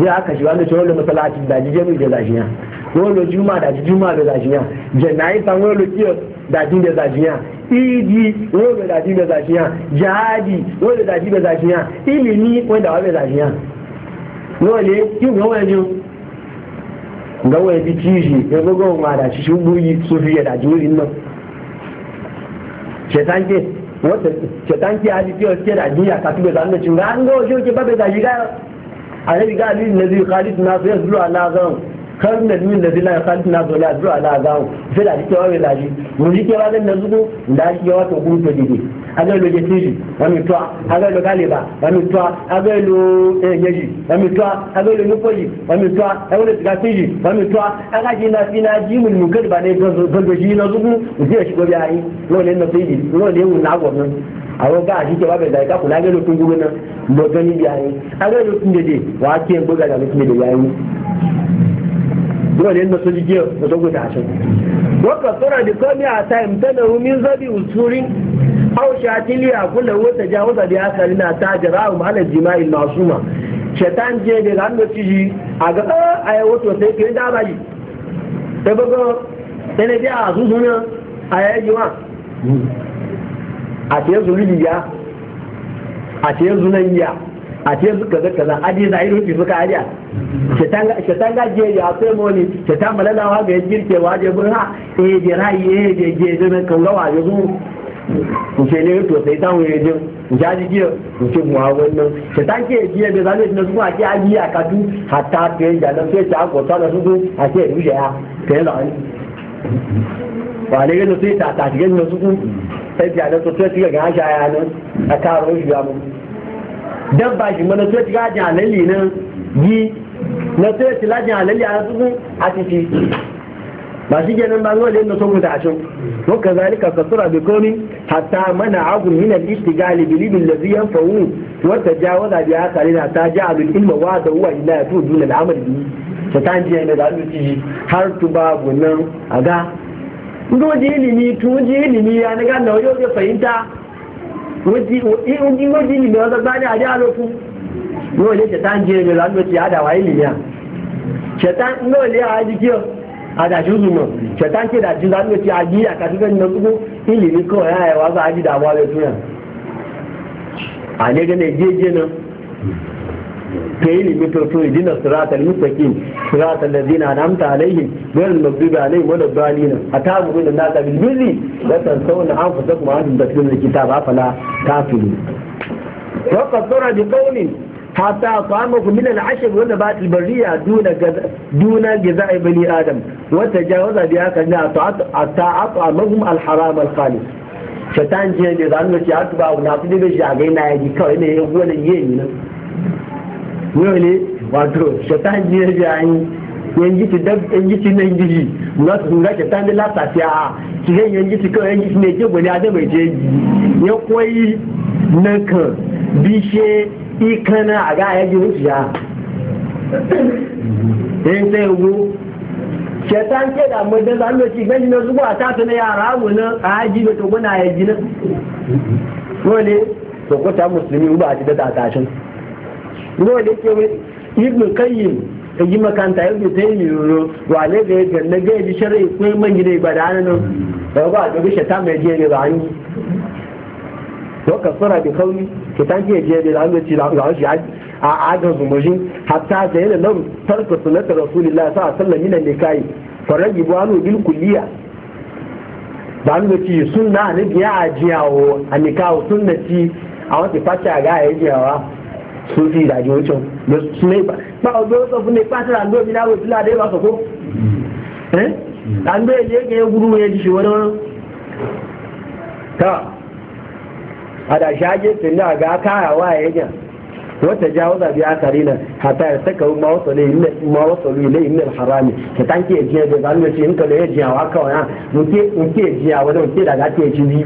ne aka shi wanda tsoro masallaci da ji jami da zajiya wolo juma da ji juma da zajiya jannai san wolo kiyo da ji da zajiya idi wani da ji da zajiya jihadi wani da ji da zajiya ilimi wani wa da zajiya wole ki go wa ju ga wa bi ci shi ga go ma da shi shubuyi sufiya da jurin nan shetanke wata ke hali fiye suke da duniya ka tuba da annabcin ga an ga wajen ke babe da shiga a rabi ga aliyu na zai khalid na su yanzu na zan kan da duk da zila kan na zo la zuwa na gawo sai da kike wani laji mun ji kewa da zugo da shi yawa to gun to dide aga lo je wani to aga lo galiba wani to aga lo eh, yeji wani to aga lo nufoji wani to aga lo tiga wani to aga ji na fina ji mun mun ba ne zo ji na zugo zai shi gobe ai lo ne na tiri lo ne mun na gobe àwọn gáà àti ìjọba bẹ̀rẹ̀ ìka kò lágbèrè tó ń gbóná lọ́jọ́ níbi ayé agbèrè tó ń dédé wàá ke ẹ gbóga wani yadda sun jiye da dogo da ashin waka sura da komi a time tana rumin zabi usurin au shatili a kula wata jawaza da asali na ta jira'u ma'anar jima'i masu ma. shaitan je da hannu ciji a ga ah, a yi wato sai ke da bayi ta bago tana biya a zuzuna a yayi jima a ce zuri ya a ce zunan ya a ce suka zaka za a za yi rufi suka ajiya shaitan gaje ya sai moni shaitan malalawa ga girke wa je gurin ha eh je rayi eh je je je na kan gawa ya nke ne to sai ta wuye je ja ji giya nke mu ha wannan shaitan ke giya da zalunci na zuwa ke aji a kadu hatta ke ya na sai ta ko ta su a ya la ni ba ne sai ta ta ga na su ku sai ya da to sai ga ga ya nan a karo shi ya mu dabba shi mana so ci gajin halali nan yi na so ci lajin halali a su a ciki ba shi kenan ba zuwa yadda sun mutu a cin wakka zalika kasura bi komi hatta mana agun min al istigali bi libin ladhi yanfa'u wa tajawaza bi akalina ta abin ilma wa da huwa illa ya dun duna amal bi ta ta ji yana da ci har tu ba gunan aga ndo je ilimi tu je ilimi ya na ga nawo yau fahimta wọ́n jí ìlú ọ̀sán bá ní àdé àlòkún yóò lé ṣẹ̀tá ń jẹ́ ìrìnlá ló ti àdàwà ìlìyà a náà lé àájí kí ọ àdàjú zùmọ̀ ṣẹ̀tá ń kéda jù lánàá ti àjí àkàtúntẹ̀ ya gbogbo ìlì ní kọ̀ ẹ̀ wá bá àjídà wà lẹ́túnyà كيني بترسول دين الصراط المستقيم صراط الذين أنعمت عليهم غير المغضوب عليهم ولا الضالين أتعبدون الناس بالبر وتنسون أنفسكم وأنتم تتلون الكتاب فلا تعقلون وقد ضر بقول حتى أطعمكم من العشب والنبات البرية دون دون جزاء بني آدم وتجاوز بها كنا حتى أطعمهم الحرام الخالص شتان جيني ظنوا شيئا تبعوا ناطلين بشي غينا يجي كوينة يقول يجينا yau ne wato shaitan ji ya jayi yanzu ti dab yanzu ti nan gizi na su ga shaitan da lasafi a ki zai yanzu ti kawai yanzu ne ke gwani a zama je ya koyi na kan bishe ikana a ga a yaji wuciya yin eh, sai ugu shaitan ke da mu da zan ci gani na zuwa ta tana yara mu na a haji da togona ya na ko ne ko ta musulmi ba a ci da tatashin nawa da yake ibn qayyim ta yi makanta ya ta yi yoro wa ne da ya na ga ji shari'a kuma man gida ba da hannun ba ba da bishe ta mai je ne ba hannu. to ka fara da kauli ke ta je je da hannun ci da shi a adan zumujin hatta da yana nan tarka sunnata rasulullahi sallallahu alaihi wasallam min nikahi faraji bu anu bil kulliya ba Da ci sunna ne biya ajiyawo a nikahu sunnati a wata fata ga ajiyawa sun fi ìdájọ́ oúnjẹ lọ sí mẹ́fà bá ọgbẹ́ ó sọ fún mi pàṣẹ àndó mi láwọ̀ ìfúnlẹ̀ adé máa sọ̀kọ́ shi wani wani. gúrú yẹn ti ṣèwọ́n náà tá àdàṣáájé tẹ̀lé àga káàwá ẹ̀yàn wata jawaza bi akarina hatta ya saka ma wasalu ne ma wasalu ilayhi min al-harami ka tanke je da zan ce in ka da ya jiyawa kawai muke muke wani da muke da ga ce ji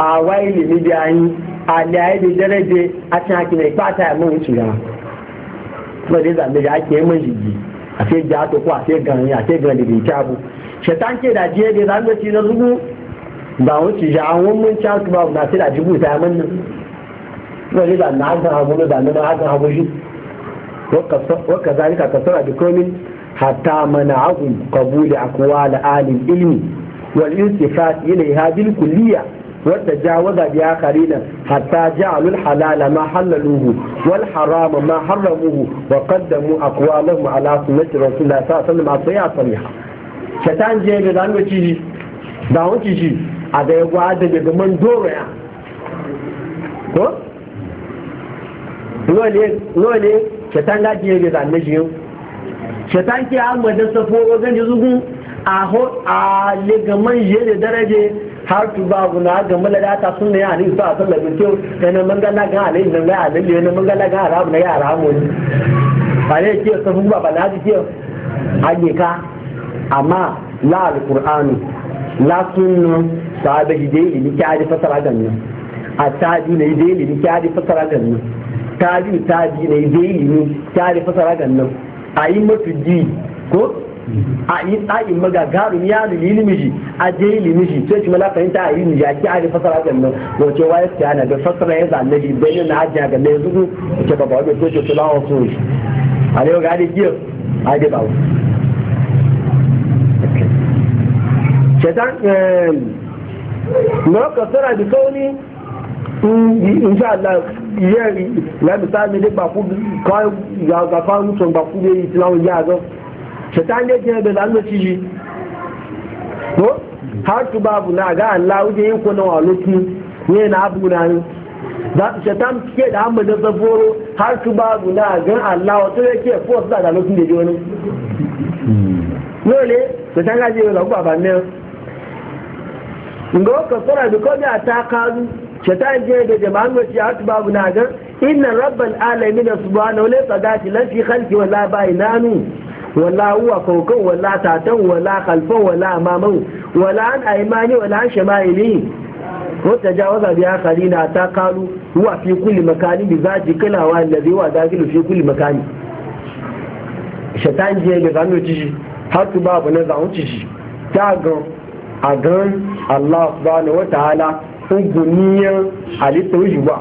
a waye limi da yi a laye da daraje a cin haki mai bata ya mun wuce yawa kuma dai zambe da ake mun jigi a sai ja to ko a sai gani a sai gani da ta bu shaitan ke da jiye da zambe ci na zugu ba wuce ja an wani mun ca ba na sai da jibu ta mun nan kuma dai zambe hakan hagu da nan hakan hagu shi waka zalika kasara da komin hatta mana'ahum qabuli da alim ilmi wal intifat ilayha bil kulliyah wadda jawaza biya karina hatta ja'alul halala ma halaluhu wal harama ma haramuhu wa a qaddamu aqwalahum ala sunnati rasulillah sallallahu alaihi wasallam asaya sariha shaitan je ga zan ci da wuci shi a ga yawa da daga man dora ya ko lole lole shaitan ga je ga zan ji shaitan ke amma da safo ga zugun a ho a le ga man je da daraje har tu ba guna ga mulada ta sun ne ani ba san da kyau yana mangala ga alai nan ga alai yana mangala ga arab na yara mu bare ke sun ba na ji ke aje ka amma la alqur'ani la sunnu sahabi je ni ji fasara da ni a ji ne je ni ji fasara da ni ta ji ne je ni ji fasara da ni ayi mutu ji ko a yi tsayin magagarin ya da ilimi limiji a je ilimi shi sai ci mala fahimta a ilimi ya ki a da fasara ga nan wace wa ya tsaya na da fasara ya zanne shi bayan na ajiya ga nan zuku ke ba ba ko ce tula wa shi a ne ga da giyo a da ba shaitan da kauni insha Allah yeri misali ne ba ku ga ga ba ku ne ya shaitan ne ke da zan ci shi to har tu babu na ga Allah wuce yin kuna wa lokin ne na abu na ne shaitan ke da amma da zaforo har tu babu na ga Allah wato ne ke su da lokin da joni lole shaitan ga je la baba ne ngo ka sura bi ko ya ta kazu shaitan je da jama'an wace har tu babu na ga inna rabbal alamin subhanahu wa ta'ala laysa ghatilan fi khalqi wa la bainanu Wala, uwa, kankan wala, tatan wala, kankan wala, mamman wala, an na'immanin wala, an shama ne nihin. Wata jiya, wata biyar sani fi kuli makani da za a ji, kala waɗanda zai wa da zai fi kuli makani. Shatan jiya yanzu hannu da ciki, haɗu ba bani zan cici. Ya ga alasana wata ala, in kunni nyen Ali ƙauye ba,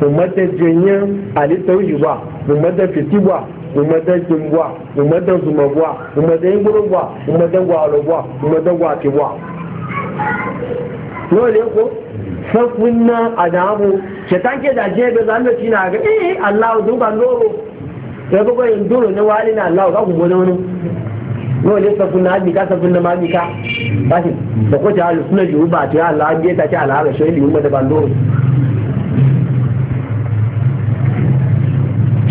in mata jiyayen Ali ba, in mata ba. umadan kimbwa umadan zumabwa umadan ingurubwa umadan gwalobwa umadan gwatibwa no le ko safun na adamu shetan ke da je ga zan ci na ga eh Allah du ban loro ya bugo yin duro ne wali na Allah ga ku bodo ne no le safun na bi ka safun na ma bi ka ba shi da ko ta alu sunna ju ba ta Allah bi ta ta Allah ga shi li umma da ban loro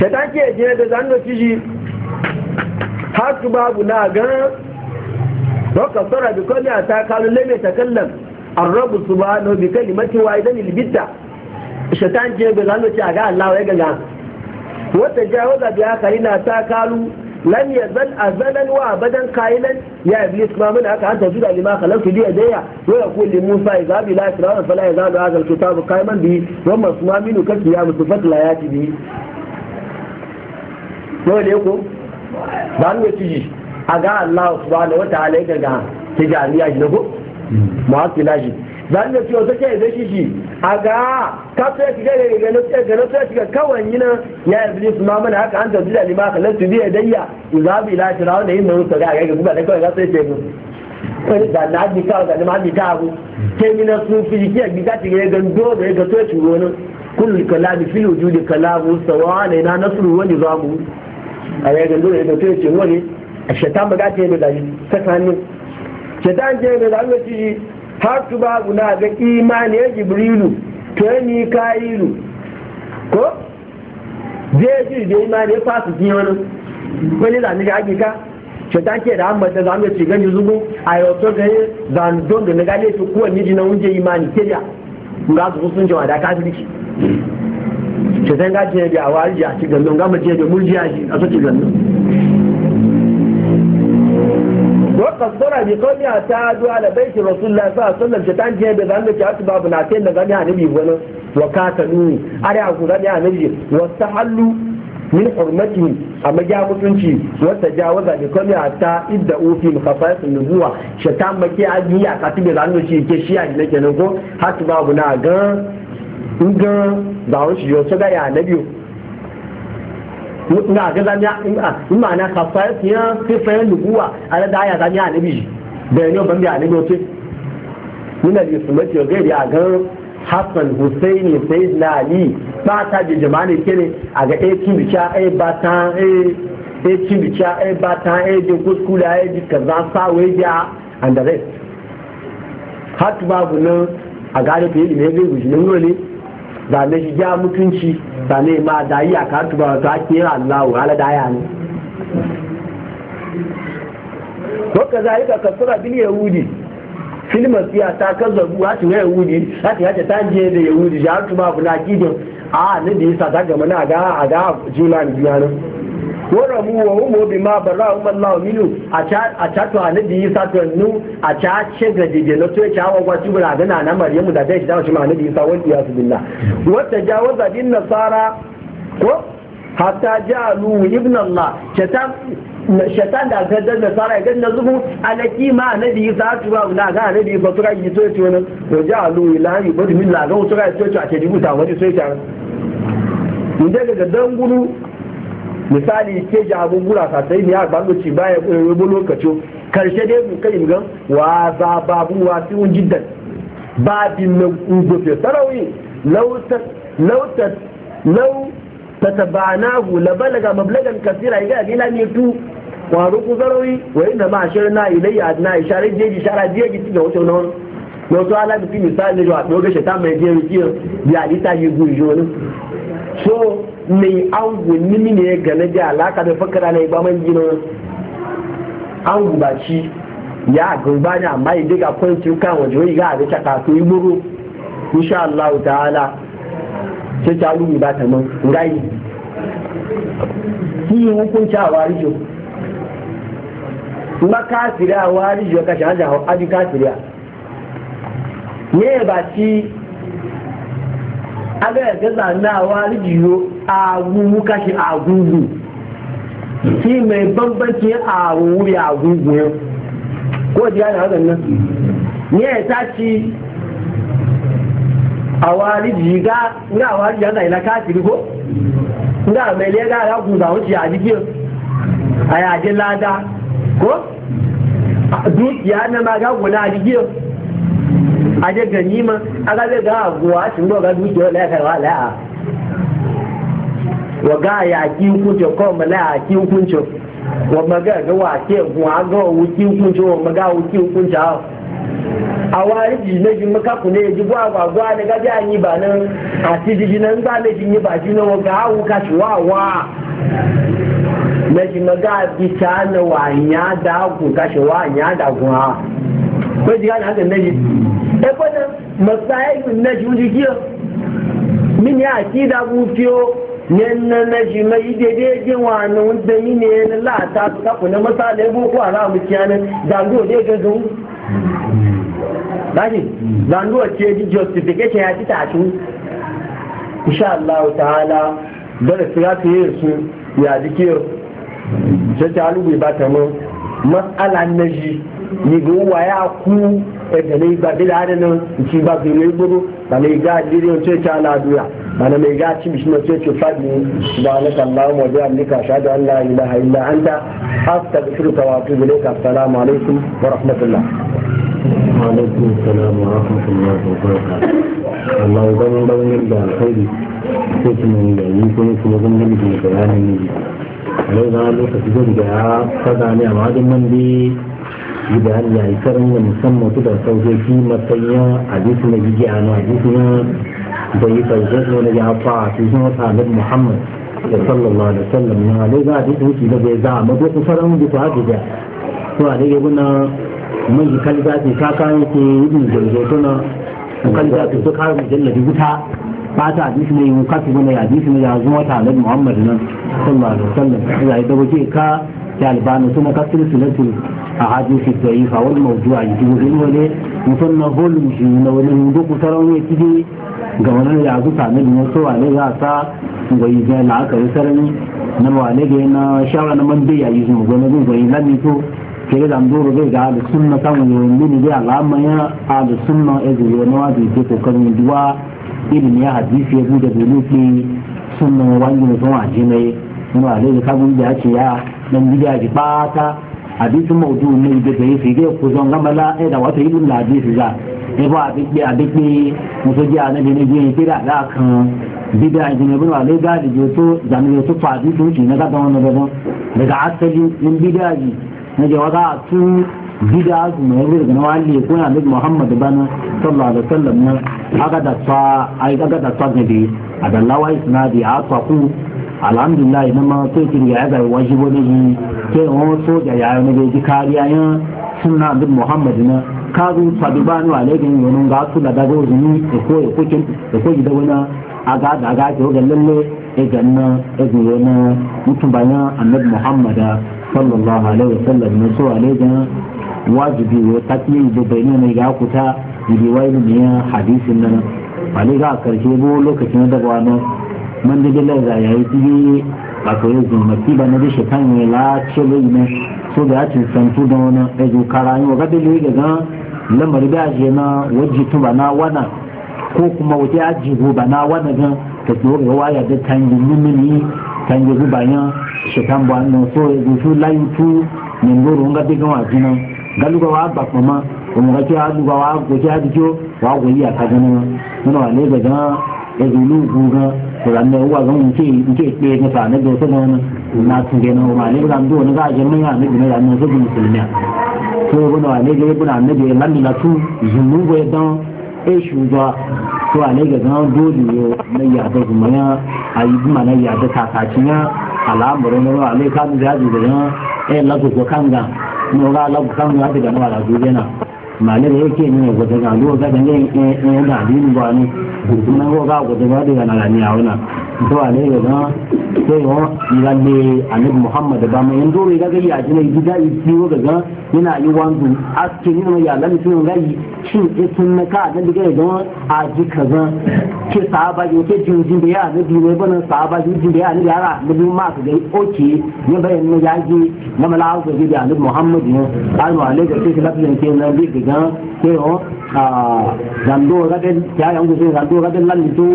shaitan ke je da zan fiji ciji har su babu na gan rokan tsara da kwalli a ta kanu lame ta kallon an rabu su ba na bi kalimati wa idan ilibita shaitan ke da zanen da a ga allawa ya gaga wata jawaza bi ya kari na ta kanu zan a zanen wa abadan qailan ya bilis ma mun aka anta zuda lima khalaqtu bi ya wa yaqul li musa idha bi la fir'auna fala yazalu ta al-kitab qaiman bi su ma minu kasu ya fatila ya ci bi nawa ne ko ba mu ci a ga Allah subhanahu wa ta'ala ya ga ta jami'a shi na ko masu lashi za ni da ciwo take da shi shi a ga ka so ga shiga daga na ga na so ya na. kawai yana ya iblis ma mana haka an tafi ni limaka ka tu biya dayya idza bi la rawo da yin nan ga ga ku ba da kai ga sai ce mu da na bi ka da ma bi ta ku ke mi na su fi ki bi ka tige ga do da ga to ci wono kullu kalami fil wujudi kalabu sawa ina nasru wa nizamu a yayin da lura da sai ce wani a shaitan ba gace da dai tsakanin shaitan ce da Allah ci har tu ba guna ga imani ya jibrilu to ni kailu ko je ji da imani ya fasu ji wani wani da ni ga hakika shaitan ke da amma da zamu ci gani zugu a yau to ga zan don da na gane su kuwa miji na wunje imani ke da ga su sun jama da kafirci sai sai ga ce a wari ya a su a su babu na ce da gani hanibi wani wa kata nuni da ku min hurmatin amma ya mutunci wa ta jawaza ta idda ufi mukafayat nubuwa shi ta a biya ka ci ke shi a ne ko har su na gan nga zawon shi yau ga ya na biyu nga ga zami in ma na kafa ya fi sifayen luguwa a da ya zami ya na biyu da ne ban ya na biyu ce nuna da su mace ga ya ga hassan husaini sai na ali ba ta da jama'a ke ne a ga ɗaya kibica ɗaya ba ta ɗaya kibica ɗaya ba ta ɗaya jin kuskula ɗaya ji kaza sa wai ja and the rest har babu nan a galibi ilimin da mai zai gushi ne da na shi ja mutunci da ne ma da yi a kartu ba ta yi Allah wa ala daya ne ko ka zai ka kasura bil yahudi filma siya ta kazzabu a ta yahudi ha yace ta tanje da yahudi ja tuma buna gidan a ne da yasa daga a ga ga juna ne waramu wa umu obi ma bara umar lawa minu a cato a nabi isa to nu a cace ga jeje na to ya cawa gwaci na maryamu da zai shi dawo ma isa wani wata nasara ko ibn allah shaitan da nasara ya zubu alaki ma nabi isa na ga nabi su ka yi a ce wani so ya daga misali ke ji abun gura ta sai ne a bangoci baya rubu lokaci karshe dai mu kai gan wa za babu wa sai un jiddan babin na gofe sarawi lautat lau tatabanahu la balaga mablagan kasira ga ila ne tu wa ruku sarawi wa inna ma ashirna ilayya na ishara jeji ishara jeji tiga wato non no to ala bi misali ne jo a doga shaitan mai jeji biya lita yi gujo so mai an gunni mine gane da alaka da fakara na ba man ginin an gubaci ya gumba ne amma idan ga kwanci kan waje wai ga da taka to yi muru insha Allah ta'ala sai ta lumi ba ta nan ngai ki hukunci a warijo makafira warijo ka shanja aji kafira ne ba ci aga ga zanawa rijiyo agugu kashi agugu shi mai bambanci agugu ya agugu yau ko jiya da waɗannan ne ya tashi a wari jiga nga wari jiga na ila kafiri ko nga mai lega ya guza wuce a jikin a yaje lada ko dukiya na ma ga guna a jikin a je ganima a ga zai ga guwa shi ga dukiya la ya kai wa la wa ga ya ki hukunci ko mala ya ki hukunci wa maga ga wa ke wa ga wu ki hukunci wa maga wu ki hukunci a awari ji na ji maka ku ne ji gwa gwa gwa ne ga ja ni ba nan a ti ji nan ba ne ji ni ba ji na wa ga wu ka shi wa wa na ji maga bi ta na wa nya da ku ka shi wa nya da ku ha ko ji ga na ga ne ji e ko na masayi na ji ji ki min ya ki da ku fiyo yanna na shi de daidai jin wani wanda yi ne na lata su kafu na masalai boko haramu kiyanin zango ne ga zuwa Báyìí, zango ce di justification ya ci tashi. Insha Allah ta'ala, su ya fiye su ya jikiyar. Sai ta ba ta ku da ne ba bida da nan ci ba su ne guru ba ne ga jirgin ce ta laduya ba na mai gaci bishi na ce ce fadi ba na kallahu mu da amlika shahadu an la ilaha illa anta astaghfiruka wa atubu ilayka assalamu alaikum wa rahmatullah wa alaikum assalam wa rahmatullahi wa barakatuh Allah ya gani bayan da alkhairi sai kuma da yi kuma kuma zan yi bayanin ne alai na lokaci zan da ya fada ne a wajen man yi bayani ya yi karin wani musamman su da sauƙoƙi matsayin hadisi na jigi a na hadisi na da yi sauƙoƙi wani ya fa a cikin wata alif muhammad da sallallahu alaihi wasallam na dai za a dai ɗauki da bai za a mago kusurar wani ta haɗu da su a dai guna mai kalga ce ta kayan ke yi jirgin suna kalga ce su kayan mujallabi wuta ba ta hadisi ne yi kasu guna ya hadisi ne ya zuwa ta alif muhammad nan sallallahu alaihi wasallam ya yi dawo ke ka ya albani kuma kasir sulatul a hadisi daifa yi fawon mawujuwa yi dubu wani mutum na shi na wani hudu kusa rauni kide ga wani ya wane a sa gwai zai la'akari sarari na wane ga yana shawara na zai to da zai ga da sunna kan yawon mini zai alama ya a da sunna ya ke kokarin duwa wani mutum a jinai wane da ya nan bidiya ji bata hadisin maudu ne da bai fi zai ku zonga mala ai da wata ibn hadisi za ne ba abike Bi musu ji anabi ne biyan kira da kan bidiya ji ne bin wale ga da joto to to fadi to shi na ga wannan da daga asali min bidiya ji na je wata tu bida su mai yau daga nawali ko na nabi muhammad bana sallallahu alaihi wasallam na aga da tsa ai aga da tsa ne bi adalla wa isnadi a tsaku alhamdulillah idan ma sai kin ya ga wajibo ne yi ke wani soja ya yi ne ji kariya yan sunna bin muhammad na kazu sadubani wa laifin yanun ga su da dago zuni da ko ya kukin da ko gida wani da ga ke wajen lalle ya ganna ya zuwa na mutum bayan annabi muhammad sallallahu alaihi wasallam na so alaifin wajibi wa takiyi da bai ne ga kuta da riwayi ne hadisin nan ba ne ga karshe bo lokacin da wani من دي دلال زي هيتي akwai zumaki ba na da shi kan yi lace bai ne so da yacin santu da wani ezu karani wa gabe da ga lamar da aje na waje tuba na wana ko kuma waje aji goba na wana ga ta tsoro ya waya da tangi mimini tangi zuba ya shi kan ba na so ya gusu layu tu min goro nga bi gawa jina galuga wa ba kuma kuma ga ke aluga wa goje aji wa goyi a kajana nuna wa ne ga ezulu guga kuran da uwa ga mun ce in ce ke ga fa na do so na na na ma ne ran do na ga je mun ya ne ne ran na so bin musulmiya to ko na ne ga buna ne ga lan na tu zulu go dan e shu ga to ne ga ga do di yo na ya da kuma ya ayi kuma na ya da kakacin ya al'amuru na wa ne kan da ya ya e la ko kan ga no ga la kan ga da na wa malar yake ne gwada ga lokaci ne ya ga dini ba ne gudunan roga gwada ga na rani a wannan zuwa ne ya zama sai yawan lalle annabi muhammadu ba mai yanzu mai gaga ya ji na yi da ciwo yana yi wanzu a cikin yin mai yalan sun gai shin isin na ka a daga ya zama a ji kaza ke sahaba ji ke jinjin da ya annabi mai bana sahaba ji jin da ya annabi ya ma ka gai oke ne bayan na ya ji na malawa ga ji da muhammadu ne alma alaikum sai lafiyar ke na bi ga sai yawan zando ga da ya yanzu sai zando ga da lalito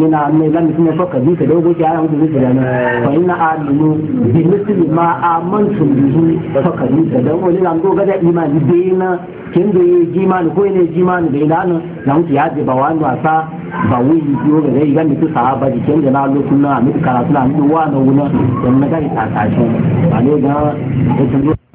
ne na mai lalito ne fa ka hadisa da gogo ya rubuta musu da na fa inna aminu bi misli ma amantum bihi fa kadu da dan wani ran goga da imani dai na kin da yi jimani ko ne jimani da ilanu na mutu ya je ba wani wasa ba wai biyo ga dai ga mutu sahaba di kin da na lokuna mutu karatu na mutu wa na wuna dan na ga ta tashi ba ne ga